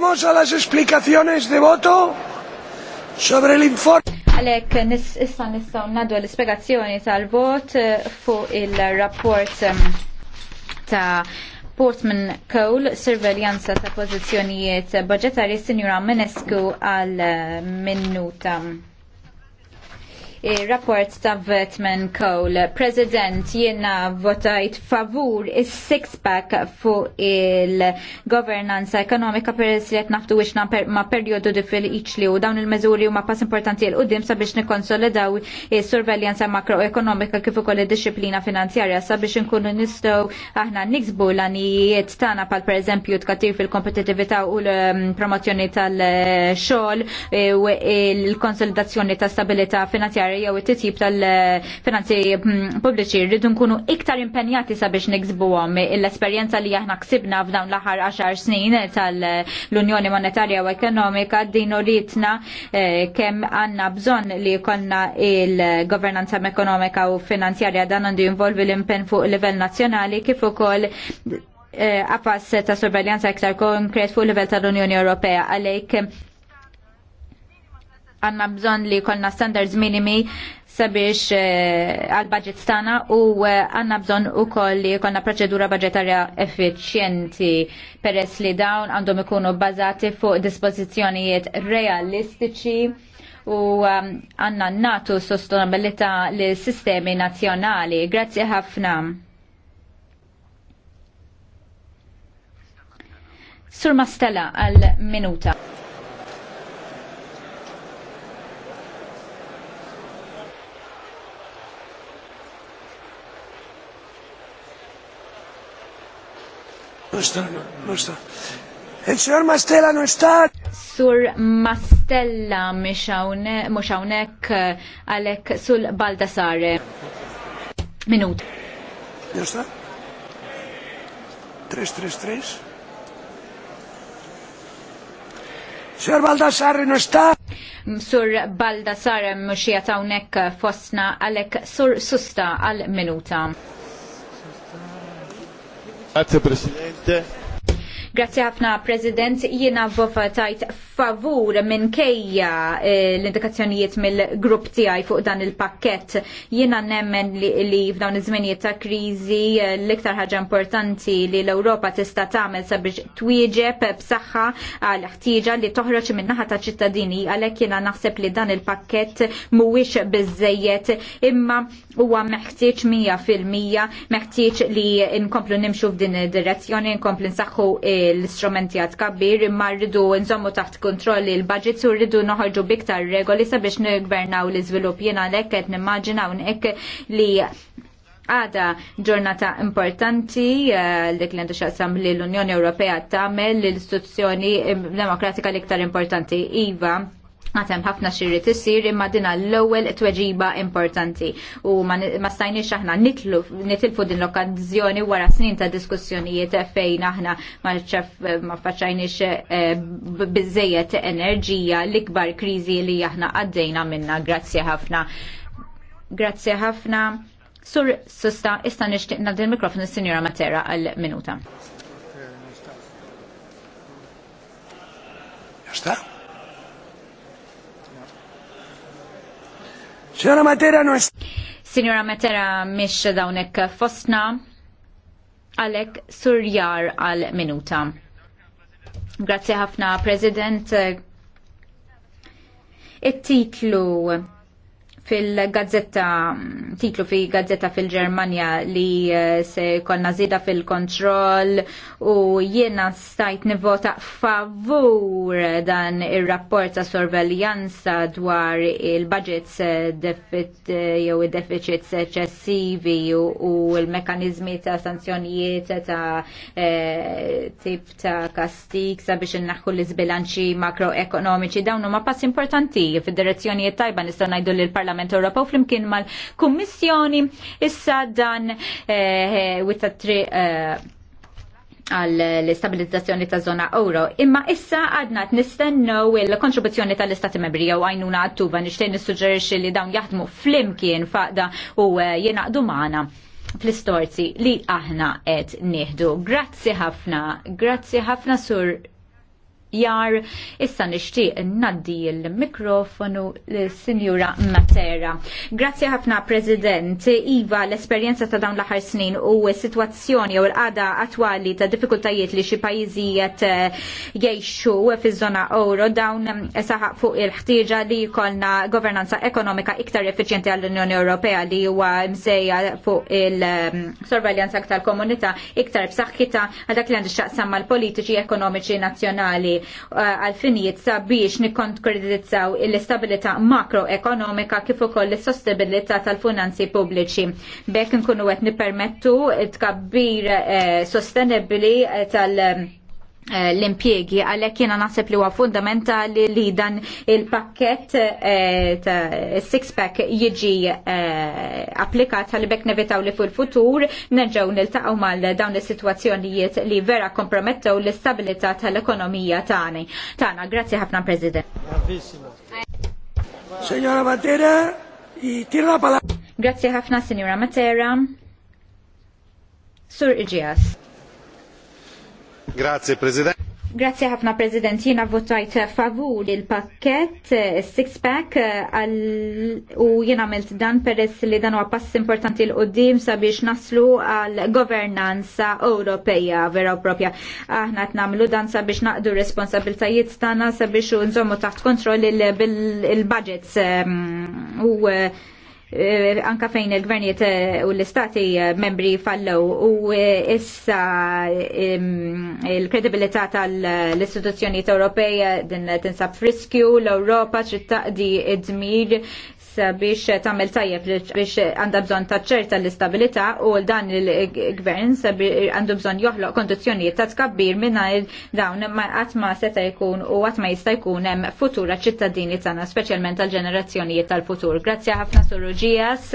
Vamos a las explicaciones de voto sobre el informe. Għalek, issa nistaw nadu l-ispiegazzjoni tal-vot eh, fuq il-rapport ehm, ta' Portman Cole, Surveljanza ta' Pozizjonijiet Budgetari, Signora Menescu għal-minuta. Eh, rapport ta' Vetman Cole. President, jenna votajt favur is six pack fuq il-governanza ekonomika per li siet naftu wixna ma' perjodu iċli u dawn il-meżuri huma pass importanti l qudiem sabiex nikkonsolidaw is-surveljanza makroekonomika kif ukoll id-disciplina finanzjarja sabiex inkunu nistgħu aħna niksbu l-anijiet tana pal pereżempju tkatir fil-kompetitività u l-promozzjoni tal-xogħol u l-konsolidazzjoni ta' stabilità finanzjarja aħjar jew it-titjib tal-finanzi mm, pubbliċi rridu nkunu iktar impenjati sabiex niksbuhom l-esperjenza li aħna ksibna f'dawn l-aħħar 10 snin tal-Unjoni Monetarja u Ekonomika din uritna eh, kemm għandna bżonn li jkollna il-governanza ekonomika u finanzjarja dan għandu jinvolvi l-impenn fuq livell nazzjonali kif ukoll għafas eh, ta' sorveljanza iktar konkret fuq livell tal-Unjoni Ewropea għalhekk għanna bżon li kolna standards minimi sabiex eh, għal-budget stana u eh, għanna bżon u koll li kolna proċedura budgetarja effiċjenti peress li dawn għandhom ikunu bazati fuq dispozizjonijiet realistiċi u eh, għanna natu sostenabilita li sistemi nazjonali. Grazie ħafna. Sur Mastella għal minuta. Sur Mastella non sta? Sur Mastella mux hawnhekk għalhekk sul Baldassare. Minut. No está. 333. Sur Baldassare non sta? Sur Baldassare mux jatawnek fosna Alek sur susta għal minuta. Grazie Presidente. Grazzi ħafna, President, jiena votajt favur minn kejja eh, l-indikazzjonijiet mill-grupp tiegħi fuq dan il-pakket. Jiena nemmen li f'dawn iż żminijiet ta' kriżi eh, l-iktar ħaġa importanti li l-Ewropa tista' tagħmel sabiex twieġeb b'saħħa għal ħtieġa li toħroġ min-naħa ta' ċittadini għalhekk jiena naħseb li dan il-pakket mhuwiex biżejjed imma huwa meħtieġ mija fil-mija meħtieġ li nkomplu nimxu f'din id-direzzjoni, nkomplu nsaħħu eh, l-istrumenti għad kabbir imma rridu nżommu taħt kontrolli l-budget u rridu noħorġu biktar regoli sabiex nigvernaw l-izvilup jena l qed nimmaġinaw n-ek li għada ġurnata importanti eh, dik li għandu xaqsam li l-Unjoni Ewropea tagħmel l-istituzzjoni demokratika l-iktar importanti IVA għatem ħafna xirri tissir imma dina l-ewel tweġiba importanti u ma stajni xaħna nitilfu din l-okkazjoni wara snin ta' diskussjonijiet fejn aħna ma faċajnix eh, bizzejet enerġija l-ikbar krizi li aħna għaddejna minna. Grazzi ħafna. Grazzi ħafna. Sur, susta, istan nishtiqna din mikrofon il-Sinjora Matera għal-minuta. Signora Matera non Signora Matera mish dawnek fostna alek surjar għal minuta. Grazie ħafna President. It-titlu fil-gazzetta, titlu fi gazzetta fil-Germania li eh, se konna zida fil-kontroll u jiena stajt nivota favur dan il-rapport ta' sorveljanza dwar il-budgets eh, eh, jew il-deficits eccessivi u il-mekanizmi ta' sanzjonijiet ta' tip ta' kastik sabiex n-naħku l-izbilanċi makroekonomiċi dawnu ma' pass importanti fid-direzzjoni tajba nistaw najdu l-parlament parlament Ewropew flimkien mal-Kummissjoni issa dan eh, eh, witta tri eh, għall l-istabilizzazzjoni ta' zona euro. Imma issa għadna t-nistennu il-kontribuzzjoni tal-Istati Membri jew għajnuna għattuba nishtejn nissuġġerixxi li dawn jaħdmu flimkien faqda u jenaqdu magħna fl-istorzi li aħna qed nieħdu. Grazzi ħafna, grazzi ħafna sur jar. Issa nixtieq naddi il-mikrofonu l-Sinjura Matera. Grazzi ħafna President. Iva, l-esperjenza ta' dawn l-aħħar snin u situazzjoni sitwazzjoni u l-qada attwali ta' diffikultajiet li xi pajjiżijiet eh, jgħixu fiż-żona euro dawn eh, saħaq fuq il-ħtieġa li jkollna governanza ekonomika iktar effiċjenti għall-Unjoni Ewropea li huwa msejja fuq il-sorveljanza mm, tal-komunità iktar b'saħħitha għal dak li għandix x'aqsam mal-politiċi ekonomiċi nazzjonali Eh, għalfinijiet sabiex nikonkredizzaw l-istabilità makroekonomika kif ukoll is sostabilita tal-finanzi pubbliċi. Bekk nkunu qed nippermettu tkabbir eh, sostenibili tal- Eh, l-impjegi għalhekk jiena naħseb li huwa fundamentali li dan il-pakket eh, ta' six pack jiġi eh, applikat għal bekk nevitaw li fil-futur nerġgħu niltaqgħu mal dawn is-sitwazzjonijiet li vera kompromettew l-istabilità tal-ekonomija tagħna. Tagħna, grazzi ħafna President. Signora Matera, tirla pala. Grazzi ħafna Signora Matera. Sur Iġijas. Grazie, President. Grazie ħafna President, jina votajt favur il-pakket, eh, six-pack, eh, u jina għamilt dan peress li dan huwa pass importanti l-qoddim sabiex naslu għal governanza Ewropeja vera u propja. Aħna namlu dan sabiex naqdu responsabiltajiet tagħna sabiex nżommu taħt kontroll il-budgets ehm, u eh, Eh, anka fejn il-gvernijiet eh, u l-istati eh, membri fallew u issa il-kredibilità tal-istituzzjonijiet Ewropej din tinsab friskju l-Ewropa trid taqdi id-dmir Biex tagħmel tajjeb biex għandha bżonn ċerta l-istabilità u dan il-gvern sabiex għandu bżonn joħloq kondizzjonijiet ta' tkabbir mingħajr dawn ma qatt ma seta' jkun u għatma ma jista' jkun hemm futura ċittadini tagħna, speċjalment tal-ġenerazzjonijiet tal-futur. Grazie ħafna Sur Ġijas.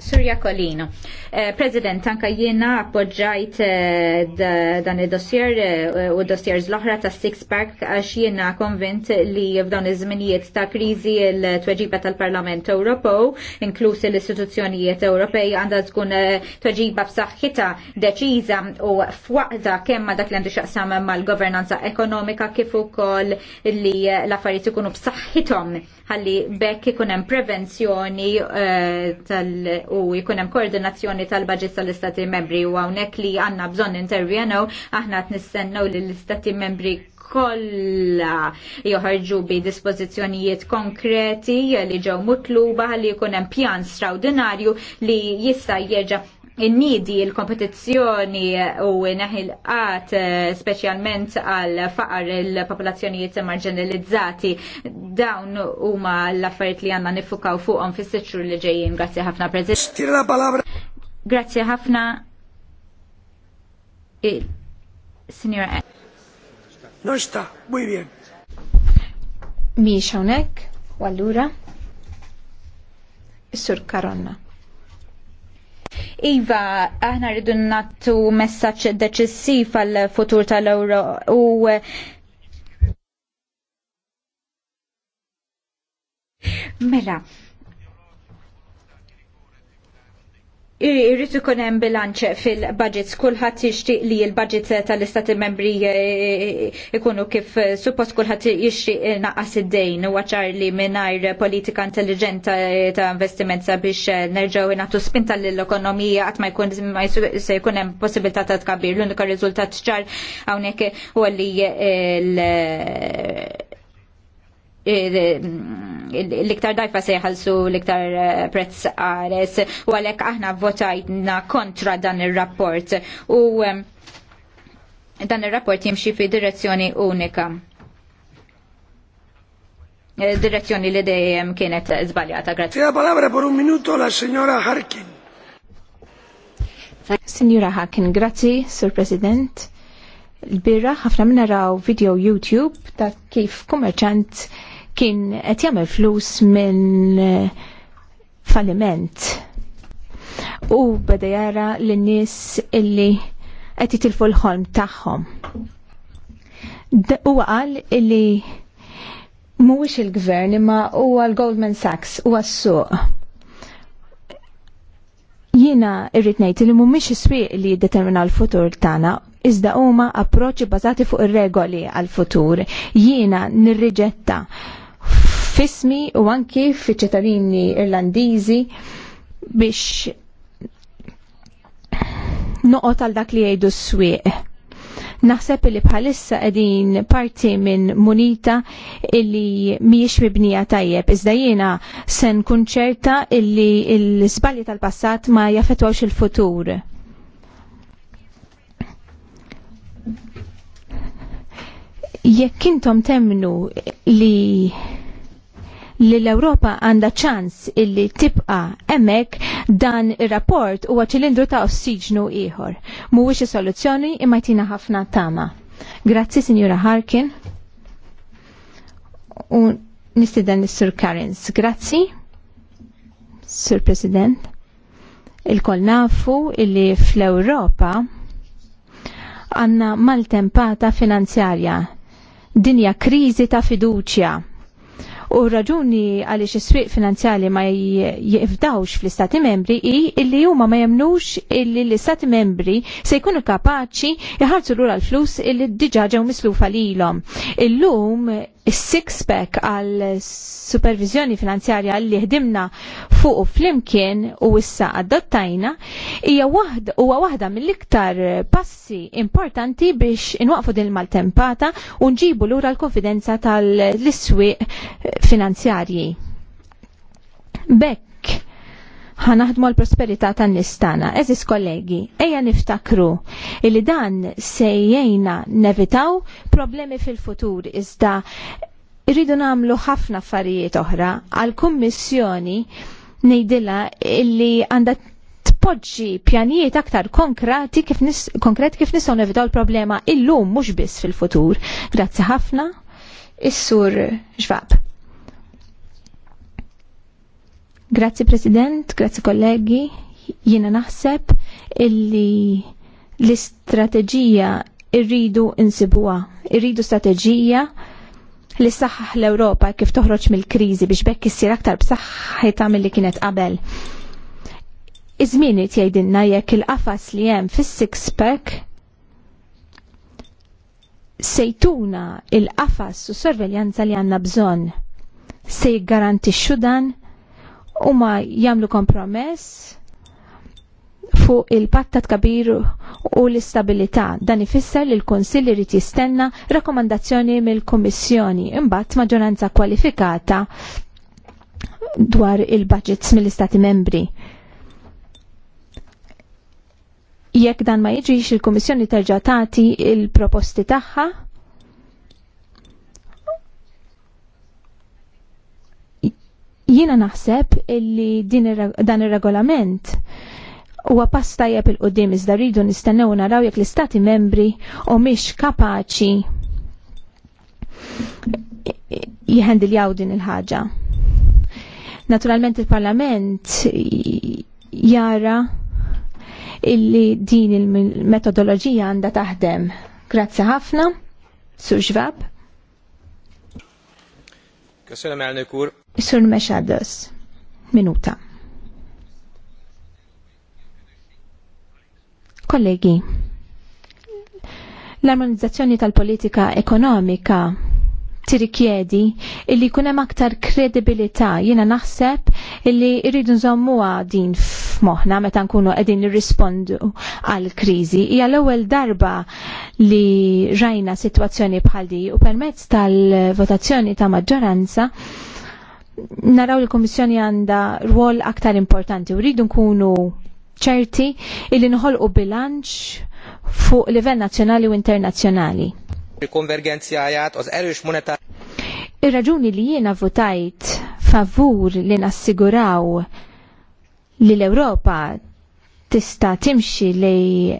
Surja Kolino. Eh, President, anka jiena appoġġajt eh, dan il-dossier eh, u dossiers l-oħra ta' Six Pack għax jiena konvint li f'dan iż-żminijiet ta' kriżi l-tweġiba tal-Parlament Ewropew, inklusi l-istituzzjonijiet Ewropej għandha tkun tweġiba b'saħħitha deċiża u fwaqda kemm ma dak li għandu xaqsam mal-governanza ekonomika kif ukoll li l-affarijiet ikunu b'saħħithom ħalli bekk ikun hemm prevenzjoni tal- u jkun hemm koordinazzjoni tal baġit tal-istati membri u hawnhekk li għandna bżonn intervjeno, aħna t nistennew li l-istati membri kollha joħarġu bi dispożizzjonijiet konkreti li ġew mutluba li jkun hemm pjan straordinarju li jista' jeġa' in-nidi il-kompetizzjoni u naħil qat eh, speċjalment għal faqar il-popolazzjonijiet marginalizzati dawn huma l-affarijiet li għandna nifukaw fuqhom fis-sitxur li ġejjin. Grazzi ħafna President. Grazzi ħafna. Signora. No sta, muy bien. Mi xawnek, u allura, Sur Karonna. Iva, aħna rridu nattu messaċ deċissiv għal futur tal-Euro u Mela, Irrid ikun hemm bilanċ fil-budgets kulħadd jixtieq li l-budget tal-istati membri eh, eh, ikunu kif suppost kulħadd jixtieq naqas id-dejn u ċar li mingħajr politika intelligenta eh, ta' investiment sabiex nerġgħu nagħtu spinta lill-ekonomija qatt ma jkun se jkun hemm possibilità ta' tkabbir. L-unika riżultat ċar hawnhekk huwa li l l-iktar dajfa seħalsu l-iktar eh, prezz għares u għalhekk aħna votajna kontra dan ir-rapport u dan ir-rapport jimxi fi direzzjoni unika. Eh, direzzjoni li dejjem kienet żbaljata. Grazie. Tiena palabra por un minuto la signora Harkin. Signora Harkin, grazzi, Sur President. Il-birra ħafna minn naraw video YouTube ta' kif kummerċant kien qed jagħmel flus minn eh, falliment. U beda jara lin-nies illi qed jitilfu l-ħolm tagħhom. Huwa qal illi mhuwiex il-gvern imma huwa l-Goldman Sachs huwa s-suq jina irrit ngħid li mhumiex is-swieq li jiddetermina l-futur tagħna iżda huma approċċi bażati fuq ir-regoli għal-futur. Jiena nirriġetta fismi u anki fi ċittadini irlandiżi biex noqgħod għal dak li jgħidu s-swieq naħseb li bħalissa qegħdin parti minn munita illi mhijiex mibnija tajjeb. Iżda jiena se nkun ċerta illi l-sbalji tal-passat ma jaffettwawx il-futur. jekk intom temnu li li l-Europa għanda ċans illi tibqa emmek dan il-rapport u ċilindru ta' ossiġnu iħor. Mhuwiex soluzzjoni imma jtina ħafna tama. Grazzi, Sinjura Harkin. U nistidan is-Sur Karens. Grazzi, Sur President. Il-kol nafu illi fl-Europa għanna maltempata finanzjarja dinja kriżi ta' fiduċja. U raġuni għaliex is-swieq finanzjali ma jifdawx fl-istati membri i illi huma ma jemnux illi l-istati membri se jkunu kapaċi jħarsu lura l-flus illi d-dġaġa ġew mislufa lilhom. Illum il-six-pack għal supervizjoni finanzjarja li ħdimna fuq flimkien u issa adottajna hija waħda huwa waħda mill-iktar passi importanti biex inwaqfu din maltempata u nġibu lura l-konfidenza tal-iswiq finanzjarji. Bekk ħanaħdmu l prosperità tan-nistana. Eżis kollegi, eja niftakru illi dan sejjena nevitaw problemi fil-futur iżda irridu namlu ħafna affarijiet oħra għal-Kummissjoni nejdilla illi għandha tpoġġi pjanijiet aktar konkreti kif nis, konkret kif nistgħu nevitaw l problema illum mhux biss fil-futur. Grazzi ħafna. Is-sur ġvab. Grazzi President, grazzi kollegi, jiena naħseb illi l-istrateġija irridu insibuha, irridu strateġija li saħħ l-Ewropa kif toħroġ mill-kriżi biex bekk issir aktar b'saħħitha milli kienet qabel. Iż-żmien jgħidilna jekk il-qafas li hemm fis-six pack sejtuna il-qafas u sorveljanza li għandna bżonn se jiggarantixxu dan u ma jamlu kompromess fuq il pattat kabir u l-istabilità. Dan ifisser li l-Konsill irid jistenna rakkomandazzjoni mill-Kummissjoni imbagħad maġġoranza kwalifikata dwar il-budgets mill-Istati membri. Jekk dan ma jiġix il-Kummissjoni terġa' tagħti il-proposti tagħha, Jiena naħseb illi din dan ir-regolament huwa pass tajjeb il-qudiem iżda rridu nistennew naraw jekk l-istati membri u mhix kapaċi jihendiljaw din il-ħaġa. Naturalment il-Parlament jara illi din il-metodoloġija għandha taħdem. Grazzi ħafna, suġvab. Xvab. Köszönöm, elnök Isur meċadus, minuta. Kollegi, l-armonizzazzjoni tal-politika ekonomika tirikjedi illi kunem aktar kredibilità jiena naħseb illi irridu nżommuha din f'moħħna meta nkunu qegħdin nirrispondu għal kriżi. Hija l-ewwel darba li rajna sitwazzjoni bħal di u permezz tal-votazzjoni ta' maġġoranza naraw il-Komissjoni għanda rwol aktar importanti u rridu nkunu ċerti illi nħolqu bilanċ fuq livell nazzjonali u internazzjonali. il monetar. Ir-raġuni li jiena votajt favur li nassiguraw li l-Ewropa tista' timxi li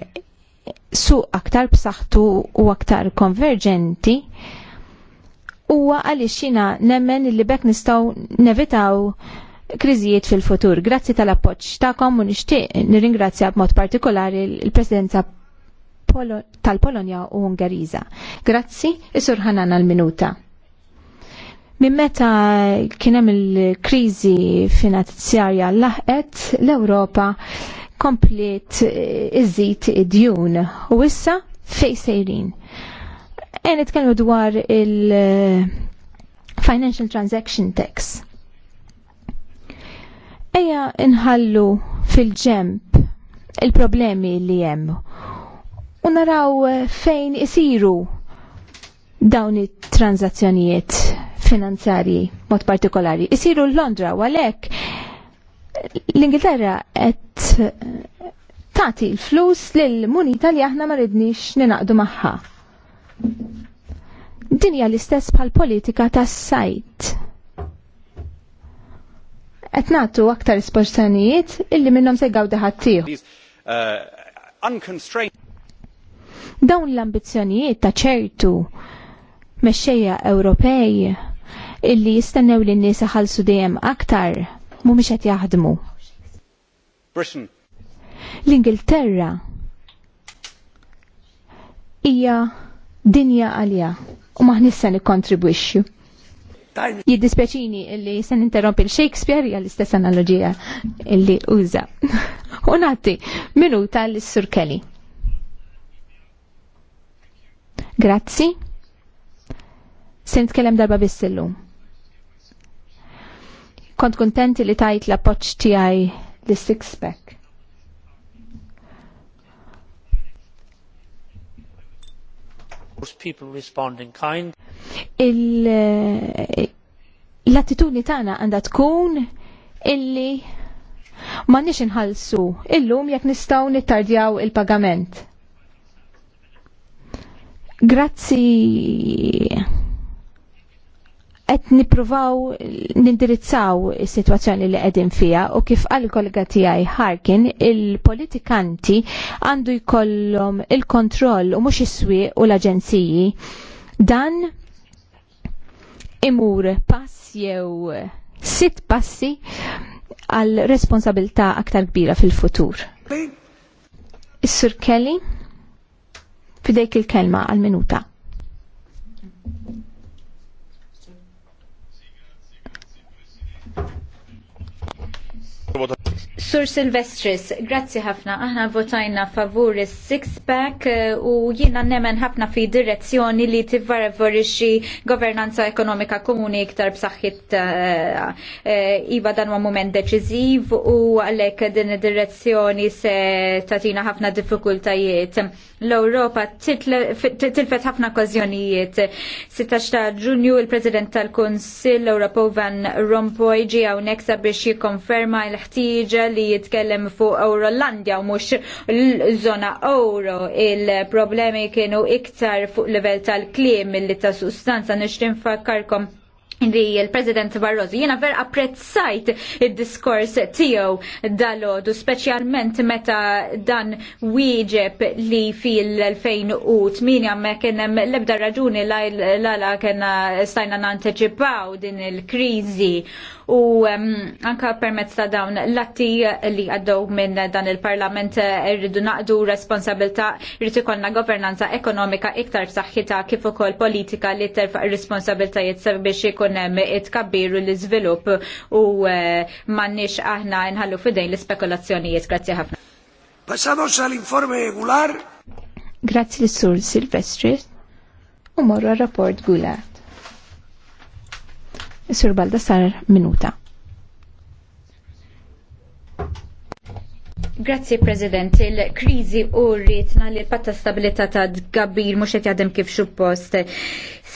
suq aktar b'saħħtu u aktar konverġenti huwa għaliex xina nemmen li bekk nistgħu nevitaw kriżijiet fil-futur. Grazzi tal-appoġġ tagħkom u nixtieq nirringrazzja b'mod partikolari l-Presidenza tal-Polonja u Ungeriża. Grazzi, isur ħanan għal-minuta. Minn meta kien hemm il-kriżi finanzjarja laħqet l-Ewropa komplet iżid id-djun u issa fej sejrin. E nitkellmu dwar il-Financial eh, Transaction Tax. Eja nħallu fil-ġemp il-problemi li jem. U naraw eh, fejn isiru dawn it-tranzazzjonijiet finanzjarji mod partikolari. Isiru l-Londra u għalhekk l-Ingilterra qed eh, tagħti l-flus lil munita li aħna ma rridniex ninaqdu magħha. Dinja l-istess bħal politika tas sajt. Qed nagħtu aktar isporzjonijiet illi minnhom se jgawda ħaddieħor. Uh, Dawn l-ambizzjonijiet ta' ċertu mexxejja Ewropej illi jistennew li n nisa ħalsu dejjem aktar mhumiex qed jaħdmu. L-Ingilterra hija dinja għalija u maħnissa se nikkontribwixxu. Jiddispeċini illi se interrompi l-Shakespeare hija l-istess analogija illi uża. U nagħti minuta lis-Sur Kelly. Grazzi. Se kellem darba biss illum. Kont kontenti li tajt l-appoġġ tiegħi l sixpack pack people respond in kind. Eh, l-attitudni tagħna għandha tkun illi ma nix inħallsu illum jekk nistgħu nittardjaw il-pagament. Grazzi qed nippruvaw nindirizzaw is-sitwazzjoni li qegħdin fiha u kif qal kollega tiegħi Harkin il-politikanti għandu jkollhom il-kontroll u mhux is-swieq u l-aġenziji. Dan imur pass jew sitt passi għal responsabilità aktar kbira fil-futur. Is-Sur Kelly, fidejk il-kelma għal-minuta. Sur Silvestris, grazzi ħafna. Aħna votajna favur six-pack eh, u jiena nemmen ħafna fi direzzjoni li tivvarvorixi governanza ekonomika komuni iktar b'saħħit eh, eh, iva dan huwa mument deċiżiv u għalhekk din id-direzzjoni se tatina ħafna diffikultajiet. L-Ewropa tilfet ħafna okkażjonijiet. 16 ta' Ġunju il-President tal-Kunsill Ewropew Van Rompuy ġie hawnhekk sabiex jikkonferma l ħtieġa li jitkellem fuq Eurolandja u mhux l-żona euro. Il-problemi kienu iktar fuq livell tal-kliem milli ta' sustanza nixtin fakkarkom li il-President Barroso jiena ver apprezzajt il-diskors tiegħu dalodu, speċjalment meta dan wieġeb li fil-2008 ma kien hemm l-ebda raġuni l-għala kena stajna nanteċipaw din il-kriżi u anka permezz ta' dawn l-atti li għaddew minn dan il-Parlament eh, irridu naqdu responsabilta irrid ikollna governanza ekonomika iktar b'saħħitha kif ukoll politika li terfaq responsabiltajiet sabiex ikun hemm it kabbiru l-iżvilupp u eh, m'għandniex aħna nħallu fidejn l-ispekulazzjonijiet. Grazzi ħafna. Passados għall-informe Gular. Grazzi l-Sur Silvestri u morru rapport Gular is Balda sar minuta. Grazzi President, il-krizi u rritna li l-patta stabilità ta' gabbir mux jadem kif post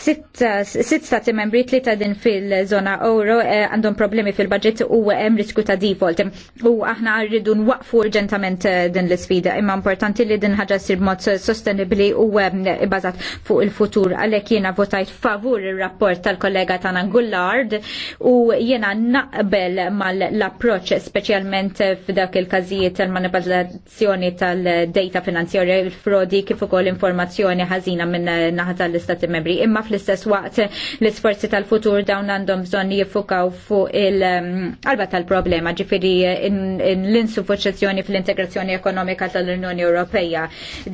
sitt stati membri tlieta din fil-żona euro eh, għandhom problemi fil-budget u hemm riskju ta' default. U aħna rridu nwaqfu urġentament eh, din l-isfida. Imma importanti li din ħaġa sir mod sostenibli u ehm, bbażat fuq il-futur. Għalhekk jiena votajt favur ir-rapport tal-kollega ta' Gullard u jiena naqbel mal-approċċ speċjalment f'dak il-każijiet tal manipulazzjoni tal-data finanzjarja il-frodi kif ukoll informazzjoni ħażina minn naħa tal-istati membri. Imma fl fl-istess waqt l-isforzi tal-futur dawn għandhom bżonn jiffukaw fuq il-qalba um, tal-problema ġifiri l-insuffiċjoni fl-integrazzjoni ekonomika tal-Unjoni Ewropeja.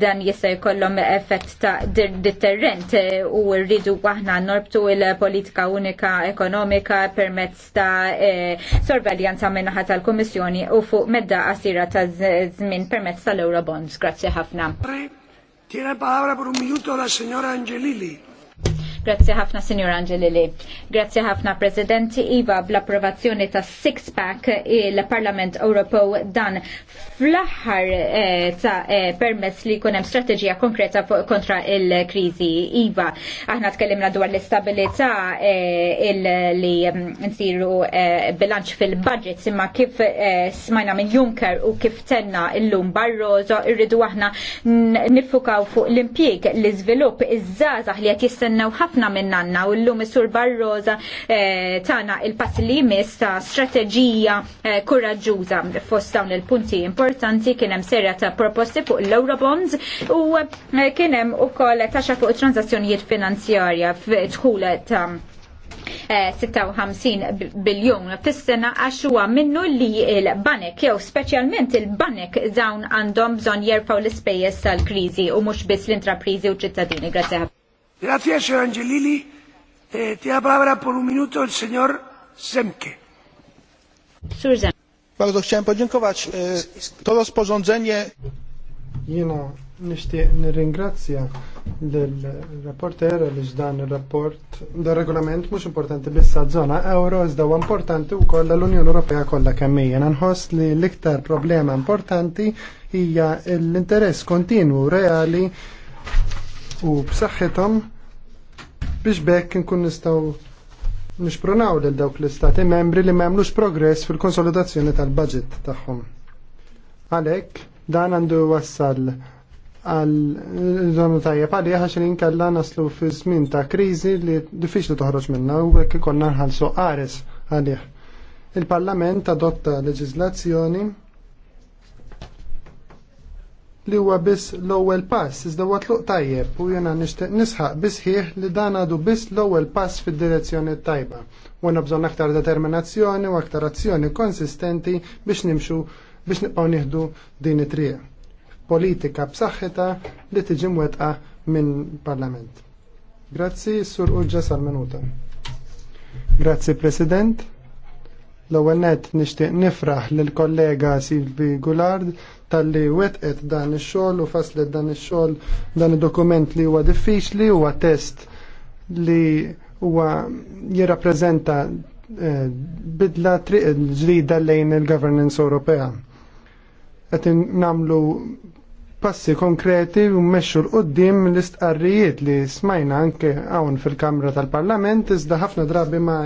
Dan jista' jkollhom effett ta' deterrent eh, u rridu aħna norbtu il-politika unika ekonomika permezz ta' eh, sorveljanza minnaħat tal-Kummissjoni u fuq medda qasira ta' żmien permezz tal-Eurobonds. Grazzi ħafna. Tiene palabra por un minuto la señora Angelilli. Grazzi ħafna, Signor Angelili. Grazzi ħafna, Presidenti Iva, bl-approvazzjoni ta' Six Pack il-Parlament Ewropew dan fl-aħħar eh, ta' eh, permess li kunem strategija konkreta kontra il-krizi. Iva, aħna tkellimna dwar l-istabilità eh, li mm, nsiru eh, bilanċ fil-budget, imma kif eh, smajna minn Juncker u kif tenna il-lum Barroso, irridu aħna nifukaw fuq l impieg l-izvilup, iż-żazax li għat jistennaw ħafna minn u llum lum sur Barroza eh, tana il-pass li jmiss ta' strateġija kuraġġuża eh, fost dawn il-punti importanti kien hemm serja ta' proposti fuq l-Eurobonds u eh, kien hemm ukoll taxa fuq transazzjonijiet finanzjarja f'dħul ta' 56 biljon fis-sena għax huwa minnu li l-banek jew speċjalment il-banek dawn għandhom bżonn jerfgħu l-ispejjeż tal-kriżi u mhux biss l-intrapriżi u ċittadini. Grazie. Grazie, signor Angelilli. Eh, tiene la palabra un minuto el señor Zemke. Bardzo chciałem podziękować. E, to rozporządzenie... Jena nishtiq nirringrazzja l-rapporter li dan il-rapport da regolament mhux importanti biss żona euro iżda huwa importanti wkoll l-Unjoni Ewropea kollha kemm Nan host li l problema importanti hija l-interess kontinwu reali u b'saħħithom biex bekk nkun nistgħu nixpronaw lil dawk l-istati membri li m'għamlux progress fil-konsolidazzjoni tal-budget tagħhom. Għalhekk dan għandu wassal għal zonu tajjeb għalli għax inkella naslu fi żmien ta' kriżi li diffiċli toħroġ minnha u hekk ikollna nħallsu qares għalih. Il-Parlament adotta leġiżlazzjoni li huwa biss l-ewwel pass iżda huwa tluq tajjeb u jiena nixtieq nisħaq bisħieħ li dan għadu biss l-ewwel pass fid-direzzjoni tajba. U għandna bżonn aktar determinazzjoni u aktar azzjoni konsistenti biex nimxu biex nibqgħu nieħdu din it-triq. Politika b'saħħitha li tiġi mwettqa minn Parlament. Grazzi, Sur Uġġa sal-minuta. Grazzi, President. L-ewwel nett nixtieq nifraħ lill kollega Silvi Gulard tal-li wetqet dan ix-xogħol u faslet dan ix-xogħol dan id-dokument li huwa diffiċli huwa test li huwa jirrappreżenta eh, bidla triq ġrida lejn il-governance Ewropea. Qed nagħmlu passi konkreti u mmexxu l-qoddim l-istqarrijiet li smajna anke hawn fil-Kamra tal-Parlament iżda ħafna drabi ma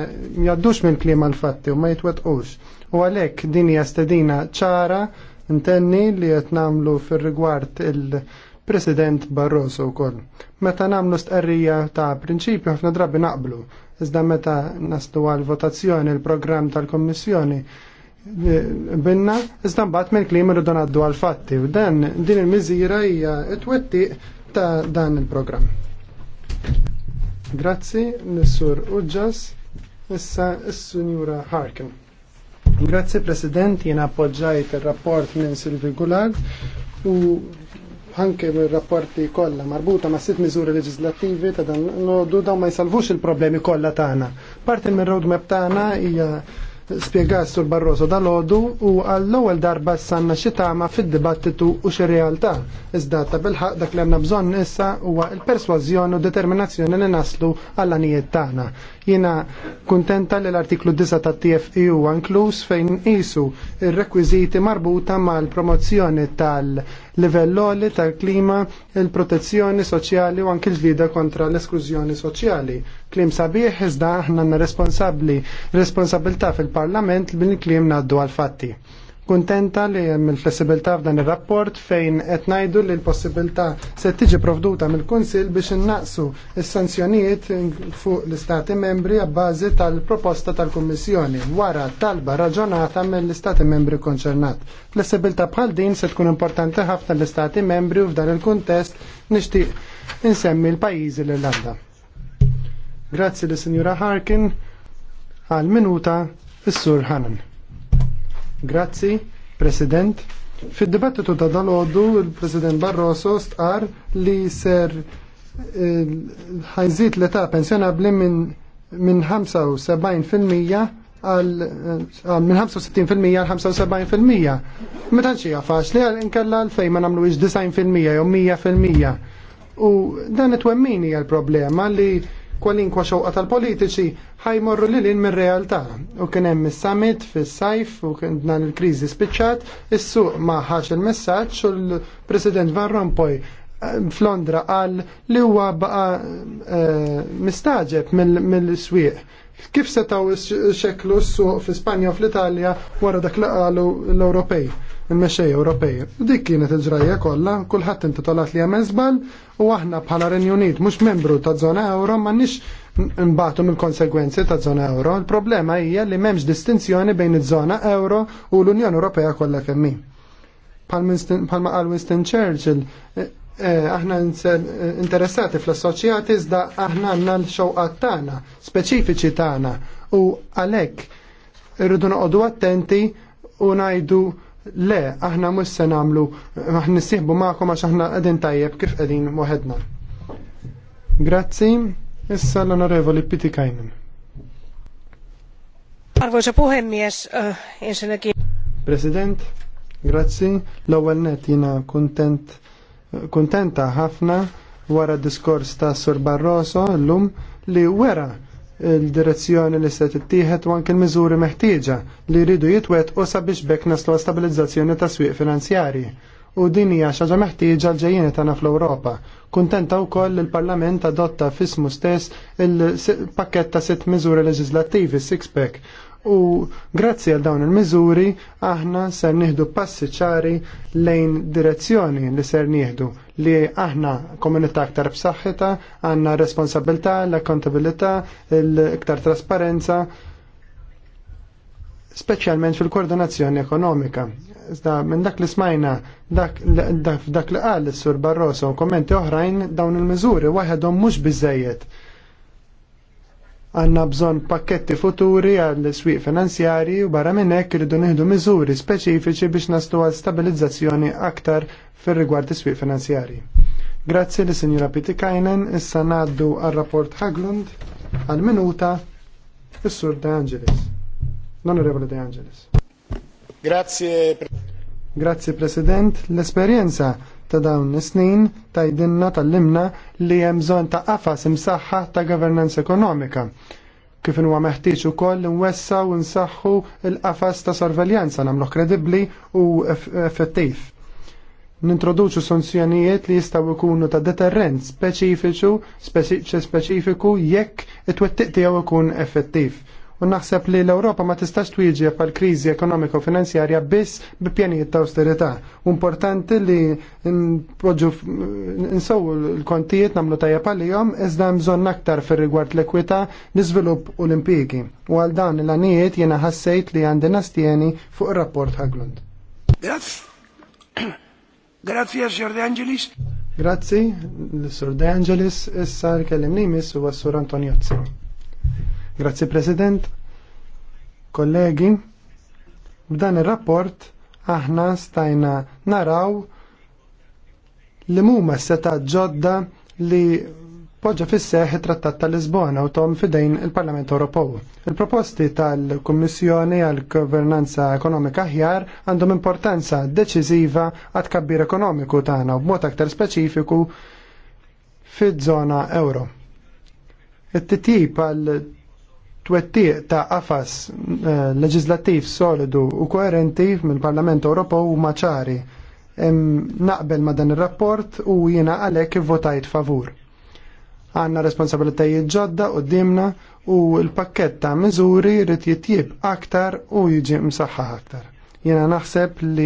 jaddux mill kliem għal fatti u ma jitwetqux. U għalhekk din hija stedina ċara intenni li qed nagħmlu fir-rigward il-President Barroso wkoll. Meta nagħmlu stqarrija ta' prinċipju ħafna drabi naqblu, iżda meta naslu għal votazzjoni il-programm tal-Kommissjoni eh, binna, iżda mbagħad mill-klim irridu ngħaddu għal fatti u dan din il-miżira hija twettiq ta' dan il-programm. Grazzi, l Uġġas, issa s-Sunjura Harkin. Grazzi President, jena appoġġajt il-rapport minn Silvi Gulag u anke rapporti kollha marbuta ma' sitt miżuri leġislattivi ta' dan nodu dawn ma jsalvux il-problemi kollha tagħna. Parti minn roadmap tagħna hija spjegat sur Barroso da lodu, u għall-ewwel darba s-sanna xi tama fid-dibattitu u xi realtà. Iżda ta' bilħaq dak li għandna bżonn issa huwa l-persważjoni u determinazzjoni li naslu għall-anijiet tagħna. Jiena kuntenta li l-artiklu 9 ta' TFI huwa e inkluż fejn isu ir-rekwiżiti marbuta mal-promozzjoni tal-livell oli tal-klima, il-protezzjoni soċjali u anki l-ġlida kontra l-esklużjoni soċjali. Klim sabiħ iżda aħna responsabli responsabilità fil-Parlament bil-klim ngħaddu għal-fatti. Kuntenta li hemm il-flessibilità f'dan ir-rapport fejn qed ngħidu li l-possibilità se tiġi provduta mill-Kunsill biex innaqsu s-sanzjonijiet fuq l-Istati membri għabbażi tal-proposta tal-Kummissjoni wara talba raġonata mill-Istati membri konċernat. Flessibilità bħal din se tkun importanti ħafna l-Istati membri u f'dan il-kuntest nixtieq insemmi l-pajjiżi l għadda. Grazzi li Sinjura Harkin għal minuta is-Sur Hanan. Grazzi, President. Fid-dibattitu ta' dal-ħoddu, il-President Barroso stqar li ser eh, ħajżit l-età pensjonabli minn min 75% eh, għal minn 65% għal 75%. Meta nxija faċli għal inkella l fejn ma nagħmlu iġ 90% jew 100%. U dan it-twemmini għal problema li kwalinkwa xoqqa tal-politiċi ħajmorru li lin mir-realtà. U kien hemm is-summit fis-sajf u kien dan il-kriżi spiċċat, is-suq ma ħax il-messaġġ u l-President Van Rompuy eh, f'Londra qal li huwa baqa eh, mistaġeb mill-swieq Kif setaw xeklu s-suq fi Spanja u fl-Italja wara dak li qalu l-Ewropej, il mexej Ewropej. Dik kienet il-ġrajja kollha, kulħadd intitolat li hemm żbal u aħna bħala Renju Unit mhux membru ta' żona euro m'għandniex mbatu mill-konsegwenzi ta' żona euro. Il-problema hija li m'hemmx distinzjoni bejn iż-żona euro u l-Unjoni Ewropea kollha kemm Palma qal Winston Churchill, Eh, aħna eh, interessati fl-assoċjati iżda aħna għanna l-xewqat tagħna, speċifiċi tagħna u għalhekk irridu noqogħdu attenti u ngħidu le aħna mhux se nagħmlu aħna nissieħbu magħkom għax aħna qegħdin tajjeb kif qegħdin waħedna. Grazzi, issa l-Onorevoli Piti Kajnen. Arvoisa puhemies, eh, ensinnäkin. President, grazzi. L-ewwel net jiena kuntent kuntenta ħafna wara d diskors ta' Sur Barroso llum li wera il-direzzjoni li se tittieħed u anke l-miżuri meħtieġa li jridu u sabiex bekk naslu stabilizzazzjoni ta' swieq finanzjarji. U din hija xaġa meħtieġa l-ġejjieni tagħna fl-Ewropa. Kuntenta wkoll li l-Parlament adotta fismu stess il-pakket ta' sitt miżuri leġislattivi, six pack, u grazzi għal dawn il-miżuri aħna ser nieħdu passi ċari lejn direzzjoni li ser nieħdu li aħna komunità aktar b'saħħita, għandna responsabilità, l-accountabilità, l-iktar trasparenza speċjalment fil-koordinazzjoni ekonomika. Iżda minn dak li smajna, dak, dak, dak li qal is-Sur Barroso u kommenti oħrajn dawn il-miżuri waħedhom mhux biżejjed Għanna bżon pakketti futuri għall swieq finanzjari u barra minn hekk irridu nieħdu miżuri speċifiċi biex nastu għal stabilizzazzjoni aktar fir-rigward is-swieq finanzjari. Grazzi li Sinjura Pitikajnen, issa ngħaddu għar-rapport Haglund għal-minuta is-Sur De Angelis. L-Onorevole De Angelis. Grazie. Grazie President. L-esperienza ta' dawn is-snin jidinna tal-limna li hemm bżonn ta' qafas imsaħħa ta' governance ekonomika kif huwa meħtieġ ukoll nwessa u nsaħħu l-qafas ta' sorveljanza nagħmluh kredibbli u effettiv. Nintroduċu sanzjonijiet li jistgħu jkunu ta' deterrent speċifiċu speċifiku jekk it-twettiq tiegħu ikun effettiv u naħseb li l-Ewropa ma tistax twieġi għal kriżi u finanzjarja biss bi pjanijiet ta' austerità. Importanti li nsowu nsewu l-kontijiet nagħmlu tajjeb għalihom iżda mżon naktar aktar fir-rigward l ekwita l-iżvilupp u l-impjiegi. U għal dan l-għanijiet jiena ħassejt li għandi nastieni fuq ir-rapport Haglund. Grazie, Sir De Angelis. Grazzi, l-Sur De Angelis, issa l-kellimni u għas-Sur Antoniozzi. Grazzi President, kollegi, b'dan ir-rapport aħna stajna naraw li mumma seta ġodda li poġġa fisseħ it-Trattat tal-Lisbona u tom fidejn il-Parlament Ewropew. Il-proposti tal-Kummissjoni għal Governanza Ekonomika aħjar għandhom importanza deċiżiva għat kabbir ekonomiku tagħna u b'mod aktar speċifiku fiż żona euro. It-titjib għal twettiq ta' qafas eh, leġislattiv solidu u koerenti mill-Parlament Ewropew u maċari. Naqbel ma' dan ir-rapport u jiena għalhekk votajt favur. Għanna responsabilitajiet ġodda u dimna u l-pakket ta' miżuri rrit jitjib aktar u jiġi msaħħa aktar. Jena naħseb li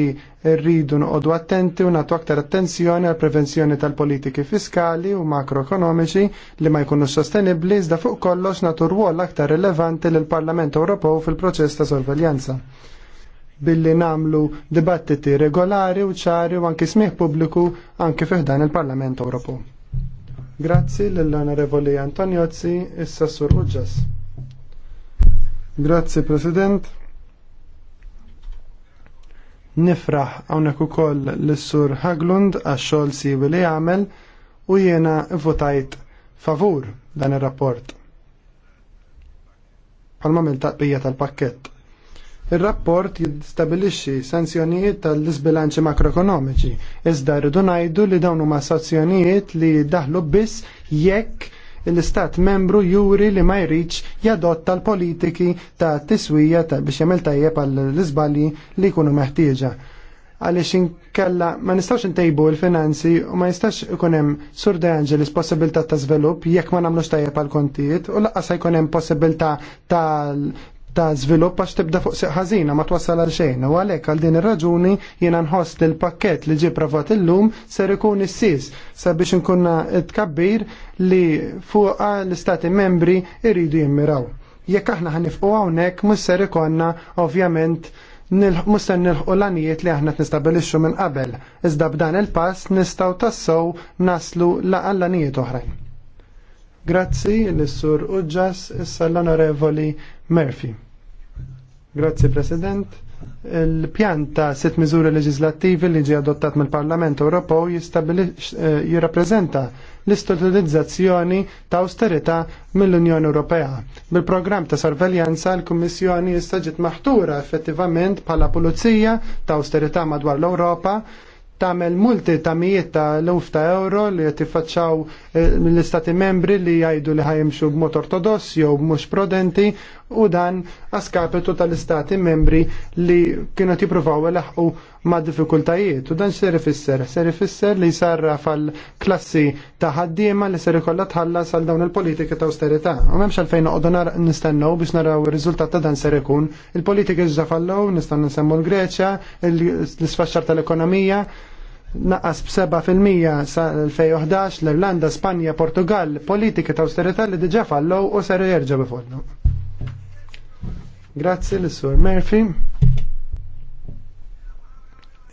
rridu noqogħdu attenti u nagħtu aktar attenzjoni għal prevenzjoni tal-politiki fiskali u makroekonomiċi li ma jkunux sostenibbli iżda fuq kollox nagħtu rwol aktar rilevanti lill parlament Ewropew fil-proċess ta' sorveljanza billi namlu dibattiti regolari u ċari u anki smieħ pubbliku anki fiħdan il-Parlament Ewropew. Grazzi l-Onorevoli Antoniozzi, issa sur Uġas. Grazzi President. Nifraħ hawnhekk ukoll lis-sur Haglund għax-xogħol siwi li għamel, u jiena votajt favur dan ir-rapport. Palma mill-taqbija tal-pakkett. Ir-rapport jistabilixi sanzjonijiet tal-isbilanċi makroekonomiċi, iżda rridu ngħidu li dawn huma sanzjonijiet li daħlu biss jekk l-istat membru juri li ma jridx jadotta l-politiki ta' tiswija ta' biex jagħmel tajjeb għall-iżbalji li jkunu meħtieġa. Għaliex inkella ma nistax intejbu l-finanzi u ma jistax ikun hemm Sur De Angelis possibilità ta' żvilupp jekk ma nagħmlux tajjeb għall kontijiet u laqqas jkun hemm possibilità ta' ta' żvilupp għax tibda fuq ħażina ma twassal għal xejn u għalhekk għal din ir-raġuni jiena nħoss li l-pakkett li ġie provat illum ser ikun issis sabiex inkunna tkabbir li fuq l-istati membri jridu jimmiraw. Jekk aħna ħanifqu hawnhekk mhux ser ikonna ovvjament mussen nilħu l għanijiet li aħna t-nistabilixxu minn qabel, iżda b'dan il-pass nistaw tassow naslu għall-għanijiet oħrajn. Grazzi l-Sur Uġġas, issa l-Onorevoli Murphy. Grazzi President. Il-pjan ta' sitt miżuri leġislattivi li ġi adottat mill-Parlament Ewropew eh, jirrappreżenta l-istituzzazzjoni ta' austerità mill-Unjoni Ewropea. Bil-programm ta' sorveljanza l-Kummissjoni jistaġit maħtura effettivament bħala pulizija ta' austerità madwar l-Ewropa tagħmel multi ta' mijiet ta' luf ta' euro li tiffaċċaw eh, l-istati membri li jgħidu li ħajimxu b'mod ortodossi jew mhux prudenti u dan għaskapetu tal-istati membri li kienu tipruvaw laħqu ma' diffikultajiet. U dan ser ifisser? seri fisser li sarra fal-klassi ta' ħaddiema li ser ikolla tħallas għal dawn il-politika ta' austerita. U memx għalfejn għodu nistennew biex naraw il-riżultat ta' dan seri kun. Il-politika ġġa fallow, nistennu nsemmu l-Greċja, l-isfaxxar tal-ekonomija, naqas b-7% sa' 2011 l-Irlanda, Spanja, Portugal, politika ta' austerità li diġa fallow u ser jerġa' bifollu. Grazzi l-Sur Murphy.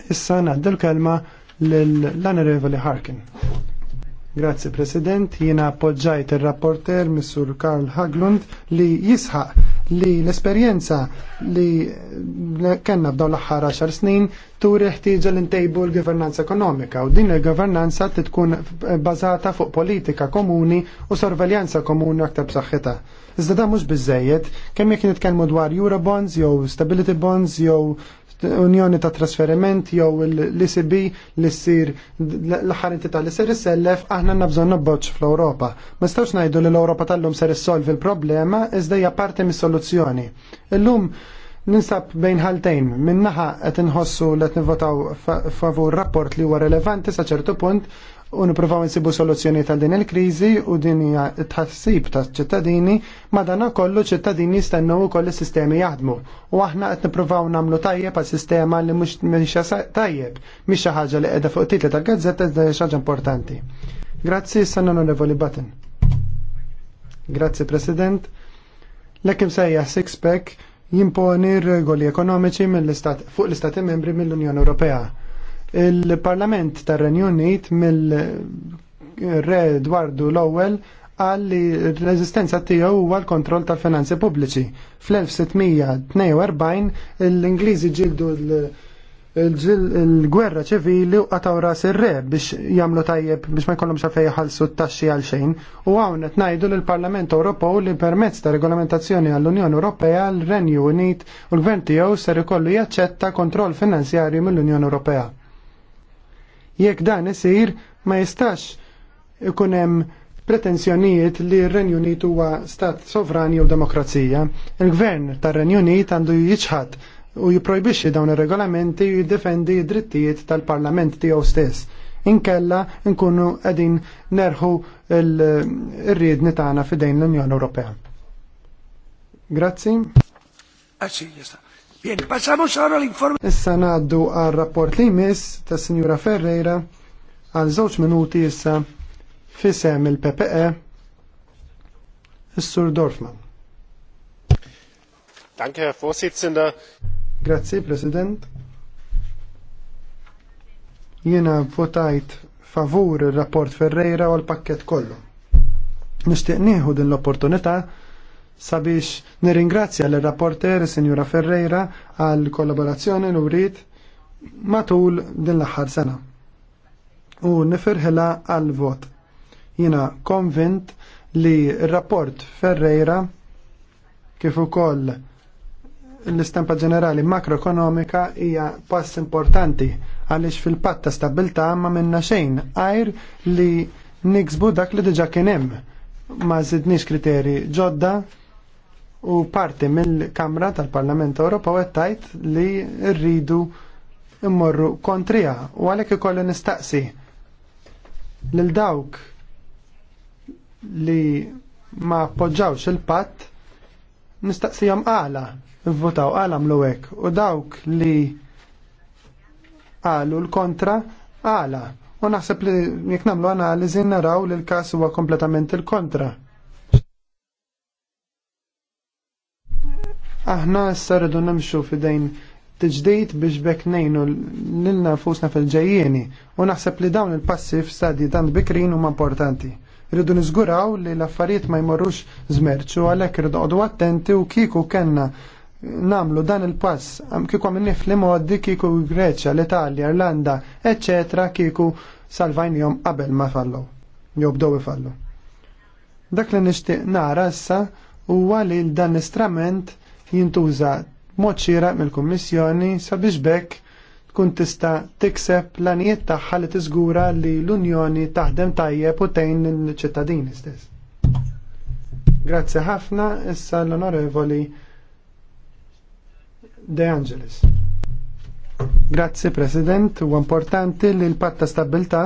Issa nadda l-kelma l-Onorevoli Harkin. Grazzi President, jiena appoġġajt ir rapporter Missur Karl Haglund li jisħaq li l-esperjenza li kena b'daw l-aħħar 10 snin turi ħtieġa l intejbu l-governanza ekonomika u din il-governanza titkun bażata fuq politika komuni u sorveljanza komuni aktar b'saħħitha. Iżda da mhux biżejjed, kemm jekk nitkellmu dwar Eurobonds jew Stability Bonds jew unjoni ta' trasferiment jew l-ICB li ssir l-aħħar entità li ser isellef, aħna nabżon nobboċ fl-Ewropa. Ma stawx ngħidu li l-Ewropa tal-lum ser issolvi l-problema iżda hija parti mis-soluzzjoni. Illum ninsab bejn ħaltejn minnaħa qed inħossu li qed nivvotaw favur rapport li huwa relevanti sa ċertu punt u nipruvaw nsibu soluzzjoni ta' din il-kriżi u din hija tħassib ta' ċittadini, madana kollu ċittadini stennu ukoll is-sistemi jaħdmu. U aħna qed nippruvaw nagħmlu tajjeb għal sistema li mhux mhix tajjeb, mhix xi ħaġa li qiegħda fuq titli tal-gazzetta iżda xi ħaġa importanti. Grazzi, sanna onorevoli Batten. Grazzi, President. Lekkim sejja six-pack jimponi regoli ekonomiċi fuq l-istati membri mill-Unjoni Ewropea Il-Parlament tar-Renju Unit mill-Re Edwardu l-ewwel qal li r-reżistenza tiegħu huwa l-kontroll tal-finanzi pubbliċi. Fl-1642 l-Ingliżi ġildu l- il-gwerra ċivili u għataw ras il-re biex jamlu tajjeb biex ma jkollhom xafej ħalsu t-taxxi għal xejn u hawn qed ngħidu lill-Parlament Ewropew li permezz ta' regolamentazzjoni għall-Unjoni Ewropea l-Renju Unit u l-Gvern tiegħu ser ikollu jaċċetta kontroll finanzjarju mill-Unjoni Ewropea. Jekk dan isir ma jistax ikun hemm pretenzjonijiet li r-Renju Unit huwa stat sovran jew demokrazija. Il-gvern tar-Renju Unit għandu jiġħad u jiprojbixxi dawn ir-regolamenti u jiddefendi d-drittijiet tal-Parlament tiegħu stess. Inkella nkunu qegħdin nerħu l-riedni tagħna fidejn l-Unjoni Ewropea. Grazzi. Ah, Bien, passamos ora l Issa naddu għal rapport li jmiss ta' Signora Ferreira għal żewġ minuti issa fisem il-PPE Is-Sur Dorfman. Danke, Herr Vorsitzender. Grazie, President. Jiena votajt favur il-rapport Ferreira u l-pakket kollu. Nishtiq nieħu din l-opportunità sabiex nirringrazzja l-rapporter Sinjura Ferreira għal kollaborazzjoni l rrit matul din l-aħħar sena. U nifirħela għal vot. Jina konvint li r-rapport Ferreira kif ukoll l-istampa ġenerali makroekonomika hija pass importanti għaliex fil-patt ta' stabilità ma minna xejn għajr li niksbu dak li diġa kien hemm ma żidniex kriteri ġodda u parti mill-Kamra tal-Parlament Ewropew qed tgħid li rridu immorru kontrija u għalhekk ikollu nistaqsi lil dawk li ma appoġġawx il-patt nistaqsijom għala votaw għala mluwek hekk u dawk li għalu l-kontra għala u naħseb li jek namlu analizi naraw li l-kas huwa kompletament il-kontra. Aħna issa rridu nimxu fidejn tiġdejt biex bekk nejnu l-nilna fusna fil ġajjeni u naħseb li dawn il-passi f'stadji tant bikrin huma importanti. Rridu niżguraw li l-affarijiet ma jmorrux zmerċu għalhekk rridu għadu attenti u kieku kellna namlu dan il-pass kieku għamilni fl modi kieku Greċja, l-Italja, Irlanda, eccetera kieku salvajnijom qabel ma fallu. Jew i ifallu. Dak li nixtieq nara issa huwa li dan l-istrament jintuża mod xieraq mill-Kummissjoni sabiex bekk tkun tista tikseb l-anijiet tagħha li tiżgura li l-Unjoni taħdem tajjeb u tgħin lill-ċittadini stess. Grazzi ħafna issa l-Onorevoli De Angelis. Grazzi President, u importanti li l-patta stabilta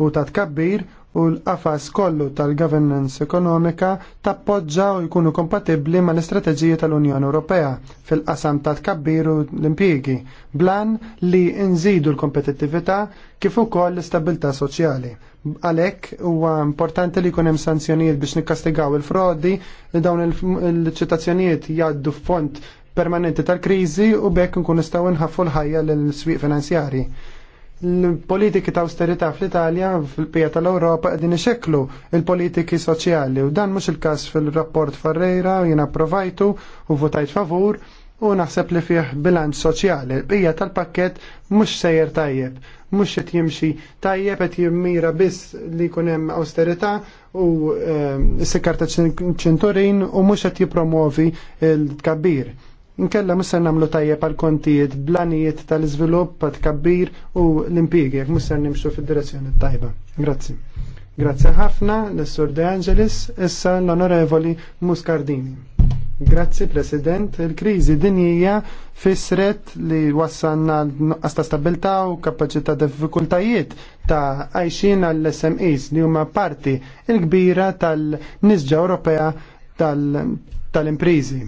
u ta' tkabbir u l-qafas kollu tal-governance ekonomika tappoġġa u jkunu kompatibbli mal istrateġija tal-Unjoni Ewropea fil-qasam ta' tkabbiru l-impjiegi, blan li nżidu l-kompetittività kif ukoll l-istabilità soċjali. Għalhekk huwa importanti li jkun hemm sanzjonijiet biex nikkastigaw il-frodi li dawn il-ċitazzjonijiet jgħaddu f'fond permanenti tal-kriżi u bekk nkun nistgħu nħaffu l-ħajja l-swieq finanzjarji l-politiki ta' austerità fl-Italja fil-pija tal-Europa qegħdin ixekklu il-politiki soċjali u dan mhux il-każ fil-rapport Farreira jiena approvajtu u votajt favur u naħseb li fih bilanċ soċjali. Il-pija tal-pakket mhux sejjer tajjeb, mhux qed jimxi tajjeb qed jimmira biss li jkun hemm austerità u ehm, s-sikarta ċinturin u mhux qed jippromovi l-tkabbir Nkella musser namlu tajjeb pal kontijiet blanijiet tal-izvilupp, tkabbir u l-impiegi, jek musser nimxu fil-direzzjoni tajba. Grazzi. Grazzi ħafna l-Sur De Angelis, issa l-Onorevoli Muscardini. Grazzi President, il-krizi dinija fisret li wassanna għasta stabilta u kapacita diffikultajiet ta' għajxin għall-SMEs li huma parti il-kbira tal-nisġa Ewropea tal-imprizi. tal, -tal imprizi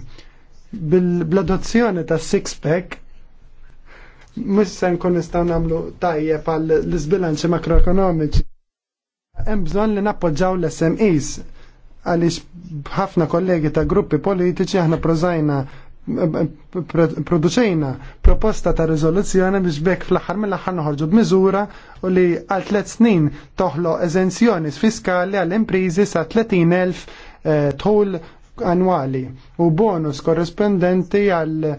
bil bladozzjoni ta' six-pack, mux se nkun nistgħu nagħmlu tajjeb għal l sbilanċi makroekonomiċi. Hemm bżonn li nappoġġaw l-SMEs għaliex ħafna kollegi ta' gruppi politiċi aħna prożajna produċejna proposta ta' rizoluzzjoni biex bekk fl-aħħar mill-aħħar noħorġu b'miżura u li għal tliet snin toħloq eżenzjoni fiskali għall imprizi sa' 30,000 eh, tħul annwali u bonus korrespondenti għal eh,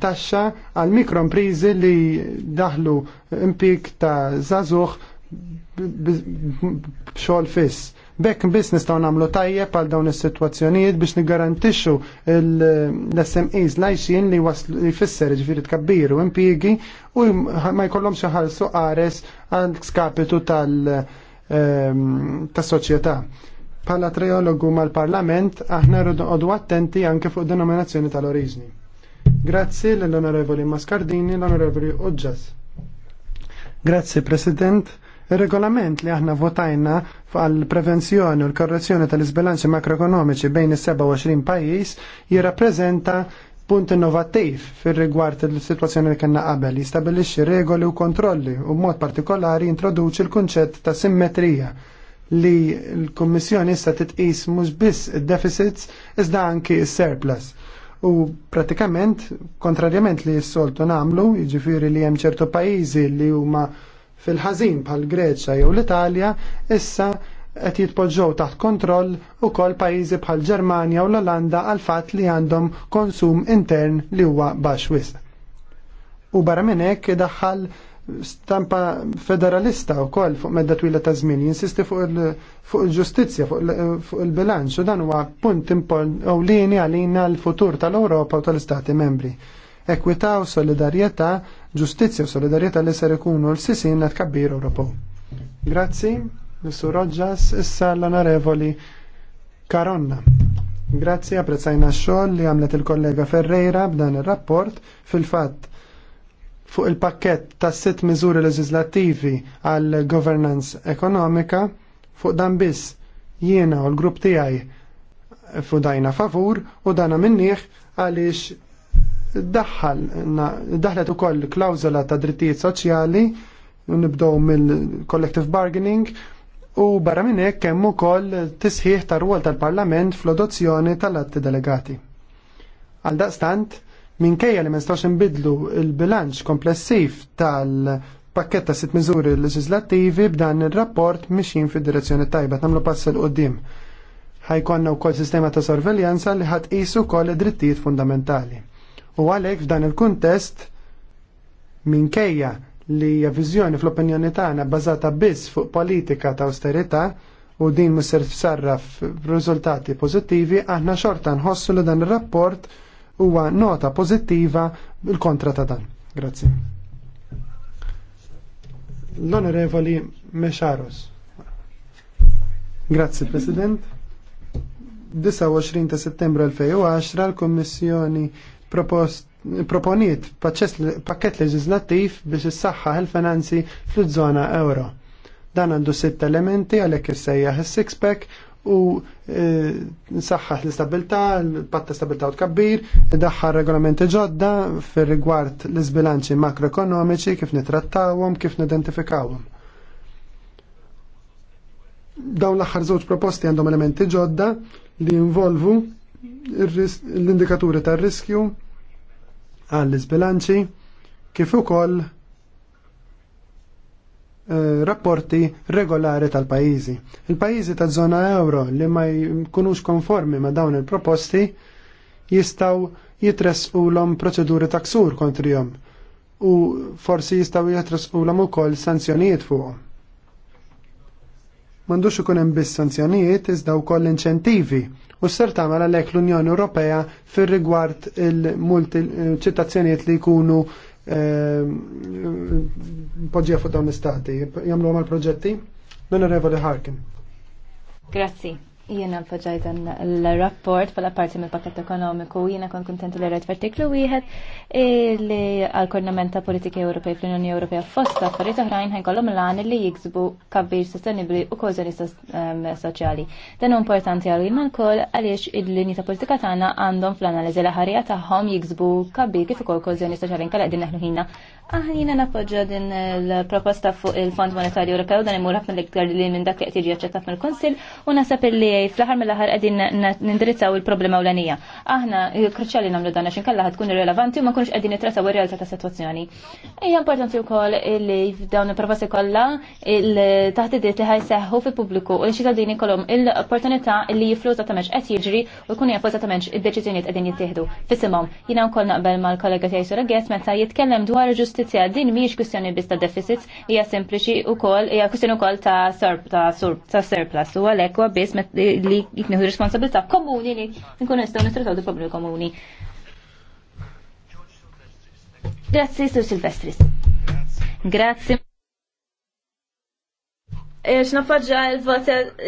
taxxa għal mikroimprizi li daħlu impik ta' zazuħ b'xogħol fiss. Bekk biss nistgħu nagħmlu tajjeb għal dawn is-sitwazzjonijiet biex niggarantixxu l-SMEs lajxin li waslu jfisser ġifieri tkabbiru impjiegi u ma jkollhomx iħallsu qares għal skapitu tal-soċjetà. Ehm, Pala triologu mal-Parlament, aħna rridu attenti anke fuq denominazzjoni tal-oriżni. Grazzi l-Onorevoli Mascardini, l-Onorevoli Uġġas. Grazzi, President. Il-regolament li aħna votajna għal prevenzjoni u l-korrezzjoni tal-izbilanċi makroekonomiċi bejn is-27 pajjiż jirrappreżenta punt innovattiv fir rigward il-situazzjoni li kena qabel jistabilixxi regoli u kontrolli u b'mod partikolari introduċi l-kunċett ta' simmetrija li l-Kommissjoni issa titqis mhux biss id-deficits iżda anki s-surplus. U pratikament, kontrarjament li s-soltu namlu, jiġifieri li hemm ċertu pajjiżi li huma fil-ħażin bħal Greċja jew l-Italja, issa qed jitpoġġew taħt kontroll ukoll pajjiżi bħal Ġermanja u l-Olanda għal fatt li għandhom konsum intern li huwa baxx wisq. U barra minn hekk idaħħal stampa federalista u koll fuq medda twila ta' żmien jinsisti fuq il-ġustizzja, fuq il-bilanċ u dan huwa punt lini għalina l-futur tal europa u tal stati membri. Ekwita' u solidarjetà, ġustizzja u solidarieta li ser ikunu l-sisin tkabbir Europa. Grazzi, Mr. Rogers, issa l-onorevoli Karonna. Grazzi, apprezzajna xoll xogħol li għamlet il-kollega Ferreira b'dan ir-rapport fil-fatt fuq il-pakket ta' sitt miżuri leġislattivi għal governance ekonomika fuq dan biss jiena u l-grupp tiegħi fudajna favur u dana minniħ għaliex daħlet ukoll klawzola ta' drittijiet soċjali u nibdow mill-collective bargaining u barra minn hekk hemm ukoll tisħiħ tar-rwol tal-Parlament fl-adozzjoni tal-atti delegati. Għal daqstant, minkejja li ma nbidlu inbidlu il-bilanċ komplessiv tal-pakket ta' sitt miżuri leġislattivi b'dan ir-rapport mixin fid-direzzjoni tajba Tamlu pass il qudiem ħajkonna wkoll sistema ta' sorveljanza li ħat isu wkoll id-drittijiet fundamentali. U għalhekk f'dan il-kuntest minkejja li hija viżjoni fl-opinjoni tagħna bbażata biss fuq politika ta' austerità u din musser sarraf riżultati pożittivi, aħna xorta nħossu li dan ir-rapport huwa nota pożittiva il-kontra ta' dan. Grazzi. L-Onorevoli Mesharos. Grazzi, President. 29 ta' settembru 2010 l-Kommissjoni propost proponiet pakket leġislattiv biex s-saxħa il-finanzi fl-żona euro. Dan għandu sitt elementi għalhekk issejjaħ is-six-pack u e, nsaħħaħ l-istabilta, l-patta stabilta u tkabbir, daħħa regolamenti ġodda fir rigward l-izbilanċi makroekonomiċi kif nitrattawhom, kif nidentifikawhom. Dawn l-aħħar żewġ proposti għandhom elementi ġodda li involvu l-indikaturi tar-riskju għall-izbilanċi kif ukoll Eh, rapporti regolari tal-pajizi. Il-pajizi ta' zona euro li ma jkunux konformi ma' dawn il-proposti jistaw jitres u l-om proċeduri taksur kontrijom u forsi jistaw jitres u l-om u kol sanzjonijiet fuq. Mandux ikun hemm biss sanzjonijiet iżda wkoll inċentivi u s-ser l għalhekk l-Unjoni Ewropea fir-rigward il-multi eh, ċittazzjonijiet li jkunu Ehm, poġġija fuq dawn l-istati. Jamlu għamal proġetti? l Harkin. Grazie. Jiena l fagġajt dan l-rapport pala parti mill pakket ekonomiku, jiena kon kontentu li rajt f'artiklu wieħed li għal-kornamenta politiki Ewropej fl-Unjoni Ewropea fosta affarijiet oħrajn ħajkollhom l-għan li jiksbu kabbir sostenibli u kożoni ehm, soċjali. Dan hu importanti għal jiena wkoll għaliex il-linji ta' politika tagħna għandhom fl-analiżi l-ħarija tagħhom jiksbu kabbir kif ukoll kożoni soċjali nkella qegħdin neħlu ħina. Aħjina nappoġġa din l-proposta fuq il-Fond Monetarju Ewropew dan imur ħafna l-iktar li minn dak li qed jiġi aċċettat mill-Kunsill u nasab li fl-aħħar mill-aħħar qegħdin nindirizzaw il-problema l-għanija. Aħna eh, kruċjali nagħmlu dan għax inkella ħadkun irrelevanti u ma kunx qegħdin nittrasaw ir-realtà ta' sitwazzjoni. Hija importanti wkoll li f'dawn il-proposti kollha il-taħdidiet li ħajseħħu fil-pubbliku u l-ċittadini kolom l-opportunità li jiflu ta' temx qed jiġri u jkun jafu ta' temx id-deċiżjonijiet qegħdin jittieħdu. Fisimhom jiena wkoll naqbel mal-kollega tiegħi Sura Gess meta jitkellem dwar il-ġustizzja din mhijiex kwistjoni biss ta' deficits, hija sempliċi wkoll hija kwistjoni wkoll ta' surplus u għalhekk biss li jitneħu responsabilità komuni li nkunu nistgħu nitrataw di problemi komuni. Grazzi, Sur Silvestris. Grazzi. X'nappoġġa il-vot,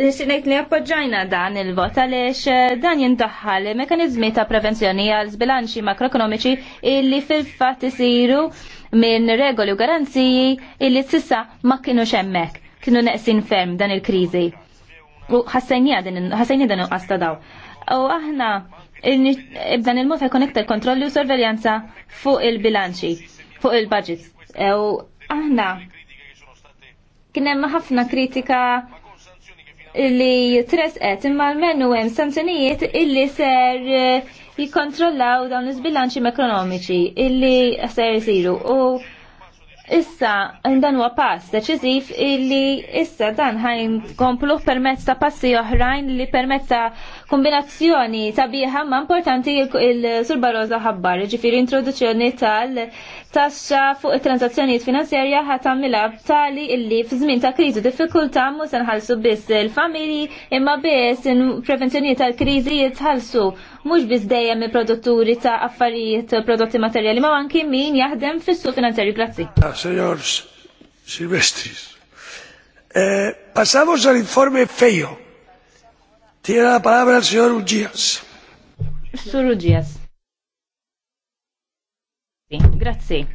x'ngħid li appoġġajna dan il-vot għaliex eh, dan jindaħħal mekanizmi ta' prevenzjoni għal zbilanċi makroekonomiċi illi fil-fatt isiru minn regoli u garanziji illi s'issa ma kienu xemmek, kienu neqsin ferm dan il-kriżi. U ħassajnija din nuqqas daw. U aħna ibdan il-mod ħajkun kontrolli u sorveljanza fuq il-bilanċi, fuq il-budgets. E u aħna kien hemm ħafna kritika li tresqet imma l-menu hemm sanzjonijiet illi ser e, jikkontrollaw dawn iż-bilanċi ekonomiċi illi ser jisiru u issa dan huwa pass deċiżiv illi issa dan ħajn komplu permezz ta' passi oħrajn li permezz ta' kombinazzjoni sabiħa ma importanti il-Sur roza ħabbar, ġifiri introduzzjoni tal-taxxa fuq it-transazzjonijiet finanzjarja ħatamilha tali illi f'żmien ta' kriżi diffikulta mhux senħalsu biss il-familji imma biss prevenzjoniet tal-kriżi jitħallsu mhux biss dejjem il-produtturi ta' affarijiet prodotti materjali ma' anki min jaħdem fis-suq finanzjarju. Grazzi. Ah, Signor Silvestris, eh, passamos al informe feio. Tiene la palabra el señor Sur Uggías. Grazie.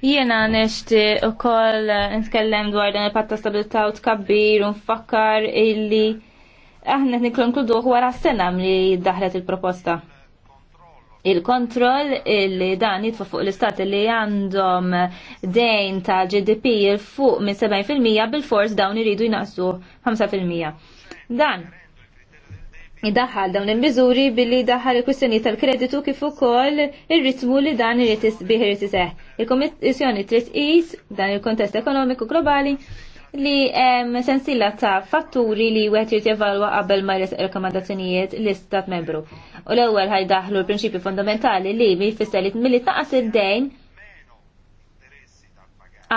Jiena nishti u koll nitkellem dwar dan il-patta stabilità u tkabbir u nfakkar illi aħna nikkonkludu wara s-sena li daħlet il-proposta. Il-kontroll illi dan jitfa fuq l-istati li għandhom dejn ta' GDP il fuq minn 70% bil-fors dawn iridu jnaqsu 5%. Dan, idaħal dawn il-miżuri billi daħħal il-kwistjoni tal-kreditu kif ukoll il ritmu li dan irid bih irid iseħħ. Il-Kommissjoni trid qis dan il-kontest ekonomiku globali li hemm sensilla ta' fatturi li wieħed irid jevalwa qabel ma jres rekomandazzjonijiet l-istat membru. U l-ewwel ħajdaħlu l-prinċipju fondamentali li jfisser li milli taqas id-dejn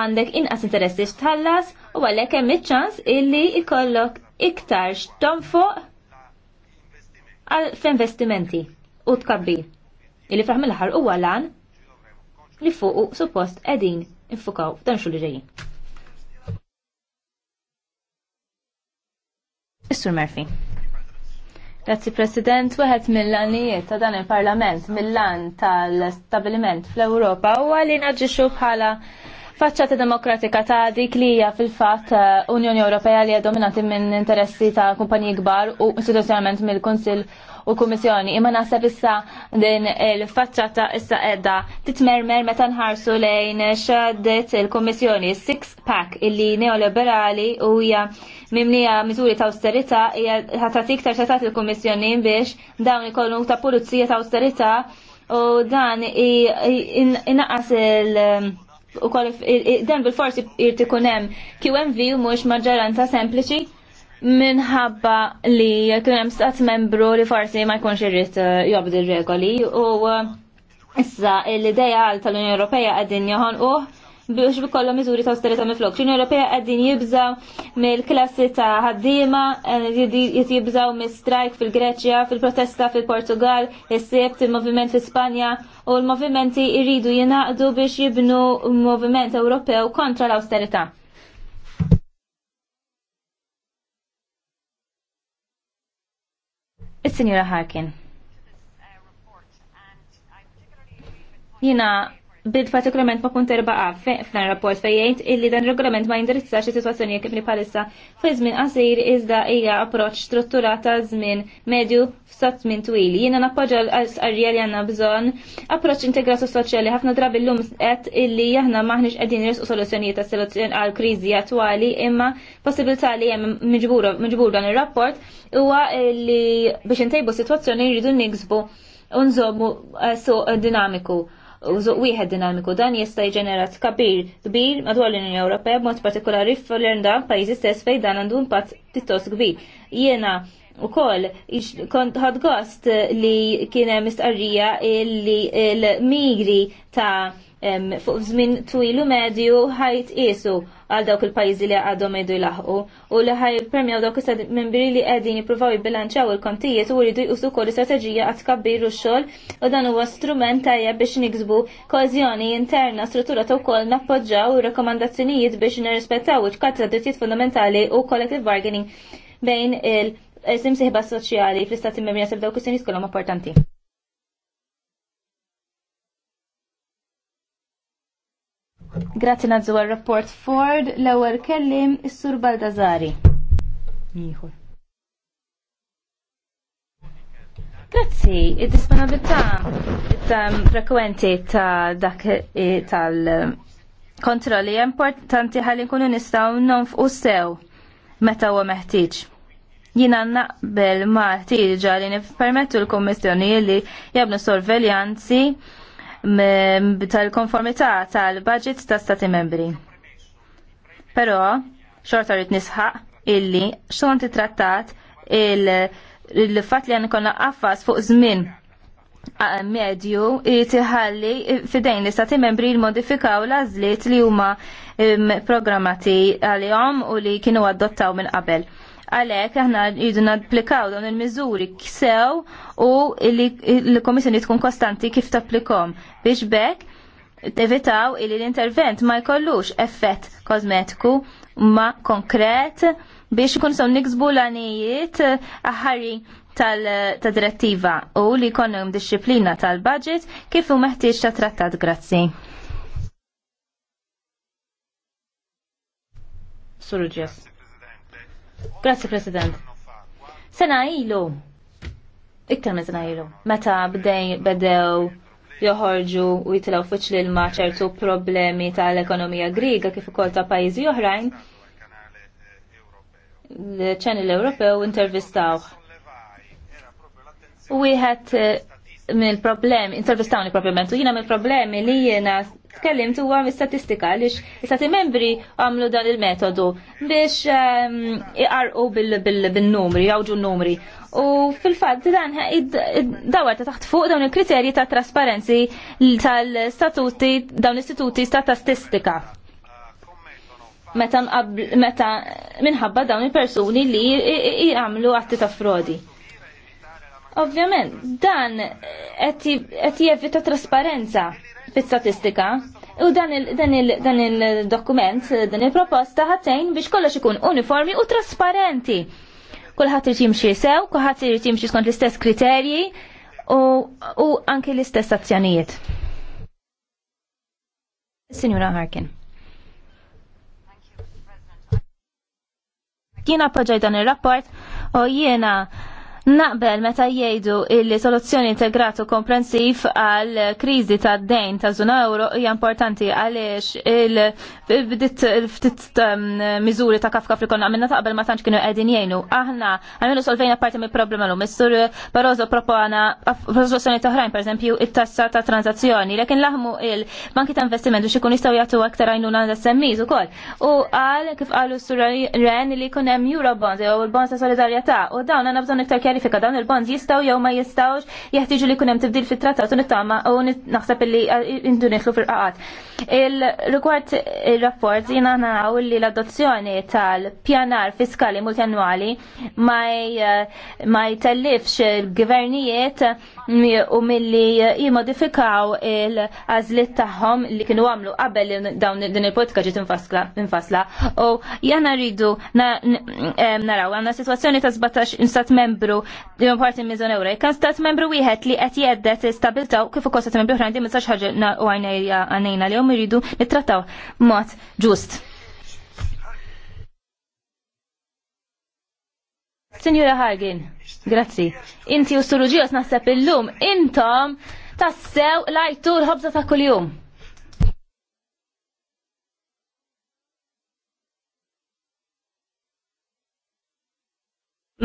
għandek inqas interessi x'tħallas u għalhekk hemm iċ-ċans illi jkollok iktar x'tonfoq f'investimenti u tkabbi. Illi fraħ mill-ħar huwa lan li fuq suppost qegħdin infukaw dan xulli ġejjin. Mr. Murphy. Grazzi President, weħed mill-lanijiet ta' dan il-Parlament mill-lan tal-stabiliment fl-Ewropa u għalli naġġixu bħala faċċata demokratika ta' dik li hija fil-fatt eh, Unjoni Ewropea li hija dominati minn interessi ta' kumpaniji kbar u istituzzjonalment mill-Kunsill u Kummissjoni. Imma naħseb issa din il-faċċata issa qedda titmermer meta nħarsu lejn xadet il-Kummissjoni six pack illi neoliberali u hija mimlija miżuri ta' austerità hija ħatati iktar setat il-Kummissjoni biex dawn ikollu ta' pulizija ta' austerità u dan inaqas il- u ukoll dan bil-forsi irid ikun hemm QMV u mhux maġġoranza sempliċi minħabba li kien hemm stat membru li forsi ma jkunx irrid eh, jobdi il regoli u eh, issa l-idea tal-Unjoni Ewropea qegħdin joħonquh biex bikollhom miżuri ta' austerità miflok. L-Unjoni Ewropea qegħdin jibżgħu mill-klassi ta' ħaddiema, eh, jibżgħu mis-strajk fil-Greċja, fil-protesta fil-Portugal, is-sebt il-moviment fl-Ispanja u l-movimenti jridu jingħaqdu biex jibnu moviment Ewropew kontra l-austerità. Is-Sinjura Harkin. Jina bil-partikolarment ma' punt erba' a f'dan rapport fejjajt illi dan regolament ma' jindirizzax is-sitwazzjoni kif li palissa fi żmien qasir iżda hija approċċ strutturata ta' żmien medju f'sat żmien twil. Jiena nappoġġa l-qarrija li għandna bżonn approċċ integrat soċjali ħafna drabi llum qed illi aħna maħniex qegħdin nirsu soluzzjonijiet ta' soluzzjoni għal kriżi attwali imma possibilità li hemm miġbur dan ir-rapport huwa li biex intejbu sitwazzjoni jridu niksbu unżomu eh, suq dinamiku użuq wieħed dinamiku dan jista' jiġenerat kabir kbir madwar l-Unjoni Ewropea b'mod partikolari f'Irlanda pajjiżi stess fejn dan għandu impatt tittos kbir. Jiena wkoll kont ħad gost li kien hemm mistqarrija li l-migri ta' fuq żmien twilu medju ħajt isu għal dawk il-pajjiżi li għadhom jgħidu jlaħqu u li ħaj premjaw dawk is membri li qegħdin jippruvaw jibbilanċaw il-kontijiet u jridu jqusu wkoll istrateġija għad tkabbir xogħol u dan huwa strument tajjeb biex niksbu kożjoni interna struttura ta' wkoll nappoġġaw rakkomandazzjonijiet biex nirrispettaw iċ-karta drittijiet fundamentali u collective bargaining bejn il- simsiħba soċjali fl-istati membri jasib dawk is-senis kollha importanti. Grazzi nazzu għal-rapport Ford, l-ewel kellim is-sur Baldazari. Nieħor. Grazzi, id-disponibilità um, frekwenti ta' dak eh, tal-kontrolli importanti ħalli nkunu nistgħu nonfqu sew meta huwa meħtieġ jina naqbel ma tiġa li nif-permettu l-Kommissjoni li jabnu sorveljanzi tal-konformità tal-budget ta' stati membri. Però, xorta rrit nisħaq illi xont trattat il-fat li għan konna għaffas fuq żmien medju tiħalli fidejn li stati membri jmodifikaw l lażliet li huma programmati għalihom u li kienu adottaw minn qabel. Għalhekk aħna jridu napplikaw dawn il-miżuri sew u l-Komissjoni tkun kostanti kif tapplikom biex bekk tevitaw li l-intervent ma jkollux effett kozmetiku ma konkret biex ikun son niksbu l-għanijiet eh, aħari tal-direttiva u li konnum disċiplina tal-budget kif u meħtieġ ta' trattat grazzi. Surġess. Grazzi, President. Sena ilu. Iktar minn sena ilu. Meta bdej bedew joħorġu u jitilaw fuċ li l ċertu problemi tal-ekonomija griga kif ukoll ta' pajjiżi oħrajn, l-ċanil Ewropew intervistaw. U wieħed eh, mill-problemi, intervistawni proprjament, u jina mill-problemi li jena tkellimt huwa mis-statistika li istati membri għamlu dan il-metodu biex ehm, iqarqu bil-numri, jawġu n-numri. U fil-fatt dan dawar ta' taħt fuq dawn il-kriterji ta' trasparenzi tal-statuti dawn istituti ta' statistika. Meta minħabba dawn il-persuni li jgħamlu atti ta' frodi. Ovvjament, dan qed jevita trasparenza fis-statistika. U dan il-dokument, dan il-proposta ħatejn biex kollox ikun uniformi u trasparenti. Kulħadd irid jimxi sew, kulħadd irid jimxi skont l-istess kriterji u anke l-istess azzjonijiet. Signora Harkin. Jiena appoġġaj dan ir rapport u jiena Naqbel meta jgħidu il soluzzjoni integratu komprensiv għal kriżi ta' dejn ta' zona euro hija importanti għaliex il-ftit ehm, miżuri ta' kafka frikon għamilna minna taqbel ma tantx kienu qegħdin jgħinu. Aħna għamilu solvejna parti mill problema l Mistur Barroso propona soluzzjoni toħrajn pereżempju it-tassa ta' transazzjoni. lekin laħmu il-banki ta' investiment biex ikun jistgħu jagħtu aktar għajnuna l-SMEs ukoll. U għal kif qalu sur Ren li jkun hemm Eurobonds jew il-bonds ta' solidarjetà u dawn għandna bżonn iktar verifika dawn il-bonds jistgħu jew ma jistgħux jeħtieġu li jkun hemm tibdil fit-trattat u nittama u naħseb illi eh, intu nitlu fil-qaqat. Il-rigward ir-rapport jiena naraw li l-adozzjoni tal-pjanar fiskali multjanwali eh, ma jtellifx il-gvernijiet u milli jimodifikaw il-għażliet tagħhom li kienu għamlu qabel dawn din il-politika ġiet infasla. U jana rridu naraw għandna sitwazzjoni ta' 17 instat membru din parti minn żona ewra. Kan stat membru wieħed li qed t istabiltaw kif ukoll stat membru oħrajn din m'sax ħaġa u għajnejja għanejna li hom iridu nittrattaw mod ġust. Signora Hargin, grazzi. Inti u s-surruġi għas naħseb illum intom tassew lajtur ħobza ta' kuljum.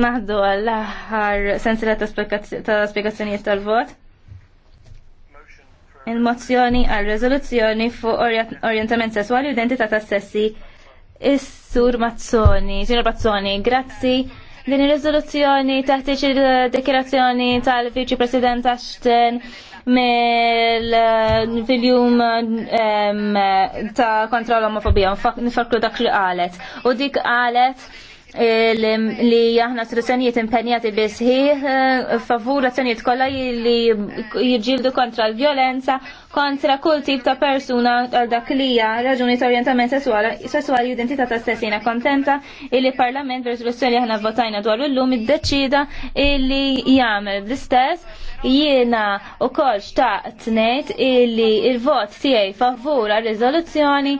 Naħdu għall-aħħar sensila ta' spiegazzjonijiet tal-vot. Il-mozzjoni għal rezoluzzjoni fuq orientament sessuali u identità ta' sessi. Is-sur Mazzoni, ġinur Mazzoni, grazzi. Din ir-rezoluzzjoni taħtieġ il-dekirazzjoni tal-Viċi President Ashton mill-viljum ta' kontrol omofobija Nifakru dak li qalet. U dik qalet li jahna s-rusanijiet impenjati bis eh, favur l-azzjonijiet kollha li jirġildu kontra l-violenza kontra kull tip ta' persuna għal dak li hija raġuni ta' orjentament sessuali u identità ta' stessina kontenta illi parlament b'riżoluzzjoni aħna votajna dwar illum iddeċida illi jagħmel l istess jiena u kol xtaqt nejt illi il-vot tijaj favur għal rizoluzzjoni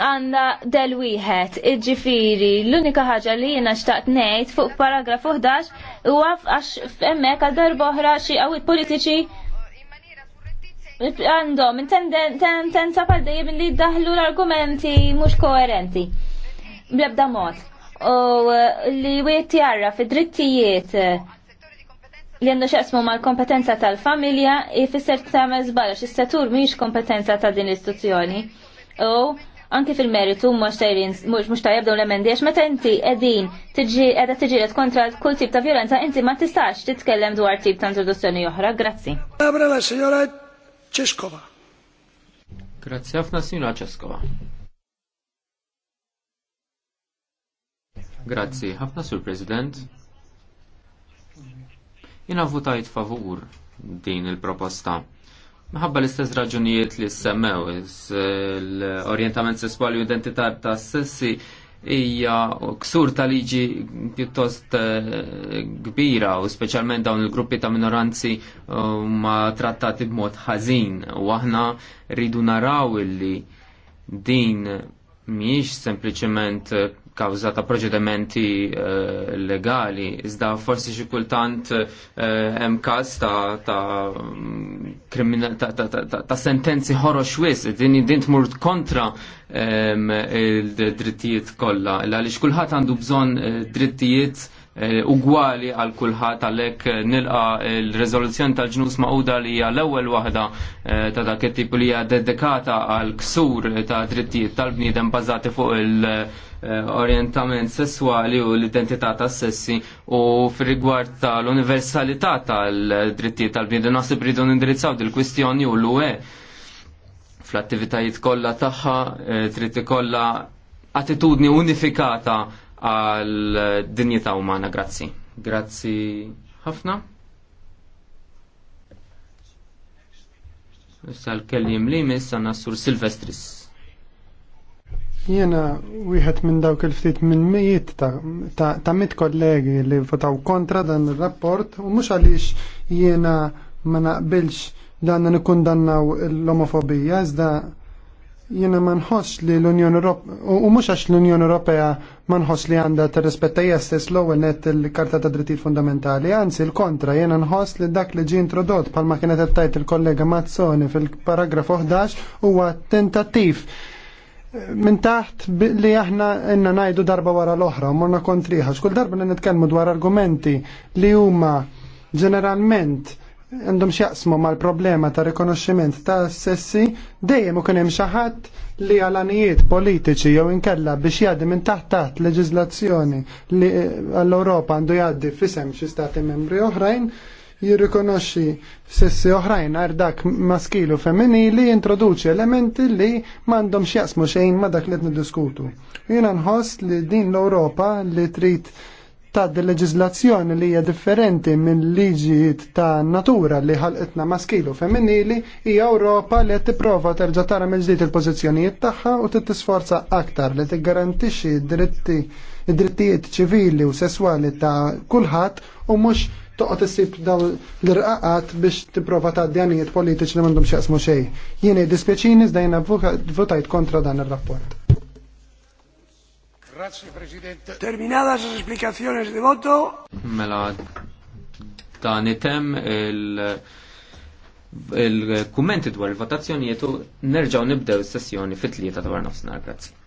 għanda del wieħed, iġifiri, l-unika ħaġa li jina xtaqt nejt fuq paragraf 11 u għaf għax femmek għal boħra xie għawit politiċi għandhom, tendenza pal dejjem li daħlu l-argumenti mux koerenti. blabda mod. U uh, li wieħed jarra fi drittijiet uh, li għandu xaqsmu mal kompetenza tal-familja ifisser ta' mezbala x-istatur miex kompetenza ta' din l-istituzzjoni. U anke fil-meritu mhux tajrin mux tajjeb dawn l-emendi għax meta inti qegħdin tiġi qiegħda kontra kull tip ta' violenza inti ma tistax titkellem dwar tip ta' introduzzjoni oħra. Grazzi. Abra la signora Ceskova. Grazzi ħafna signora Ceskova. Grazzi ħafna sur President. Jina votajt favur din il-proposta Maħabba l-istess raġunijiet li semmew, l-orientament sessuali u identità ta' sessi ija ksur ta' liġi pjuttost eh, kbira u specialment dawn il-gruppi ta' minoranzi ma trattati b'mod ħażin u aħna rridu naraw illi din miex sempliciment kawza ta' proċedimenti eh, legali, iżda forsi xi kultant eh, hemm każ ta', ta, ta, sentenzi ħorox wis, din din tmur kontra il-drittijiet kollha, għaliex kulħadd għandu bżonn eh, drittijiet Eh, ugwali għal kulħadd għalhekk eh, nilqa l-riżoluzzjoni tal-ġnus Magħquda li hija l-ewwel waħda eh, ta' dak it-tip li hija dedikata għal ksur ta' drittijiet tal-bniedem bażati fuq il- orientament sessuali u l-identità tas sessi u fil-rigward tal-universalità tal-drittijiet tal-bniedem naħseb rridu nindirizzaw dil-kwistjoni u l-UE fl-attivitajiet kollha tagħha trid ikollha attitudni unifikata għal dinjità umana. Grazzi. Grazzi ħafna. Issa l-kellim li missa għanna Silvestris. Jena wieħed minn dawk il-ftit minn mijiet ta' mit kollegi li votaw kontra dan il-rapport u mhux għalix jiena ma naqbilx dan dannaw l-omofobija iżda Jiena ma nħoss li l-Unjoni Ewropea, u mhux għax l-Unjoni Ewropea ma nħoss li għandha tirrispetta hija stess l-ewwel net il-Karta ta' Drittijiet Fundamentali, anzi l-kontra, jiena nħoss li dak li ġie introdott bħalma kienet qed tajt il-kollega Mazzoni fil paragraf 11 huwa tentattiv minn taħt li aħna enna najdu darba wara l-oħra, morna kontriħa, xkull darba nitkellmu dwar argumenti li huma ġeneralment għandhom xjaqsmu mal-problema ta' rikonoxximent ta' sessi dejjem u hemm xi ħadd li għalanijiet politiċi jew inkella biex jgħaddi minn taħt taħt leġiżlazzjoni li eh, għall-Ewropa għandu jgħaddi f'isem xi stati membri oħrajn jirrikonoxxi sessi oħrajn għar dak maskilu femminili introduċi elementi li m'għandhom x'jaqsmu xejn ma dak li qed niddiskutu. Jiena nħoss li din l-Ewropa li trid tad leġizlazzjoni li hija differenti minn liġijiet ta' natura li ħalqitna maskilu femminili hija Ewropa li qed tipprova terġa' tara mill-ġdid il-pożizzjonijiet tagħha u tisforza aktar li tiggarantixxi dritti id-drittijiet ċivili u sesswali ta' kulħadd u mhux toqgħod issib dawn l-irqaqat biex tipprova tgħaddi għanijiet politiċi li m'għandhom x'jaqsmu xejn. Jien dispjaċini żdejna votajt kontra dan ir-rapport. Terminadas las explicaciones de voto. Me la dan item el il-kummenti eh, dwar il-votazzjonijiet u nerġaw nibdew is-sessjoni fit-tlieta dwar nofsinhar. Grazzi.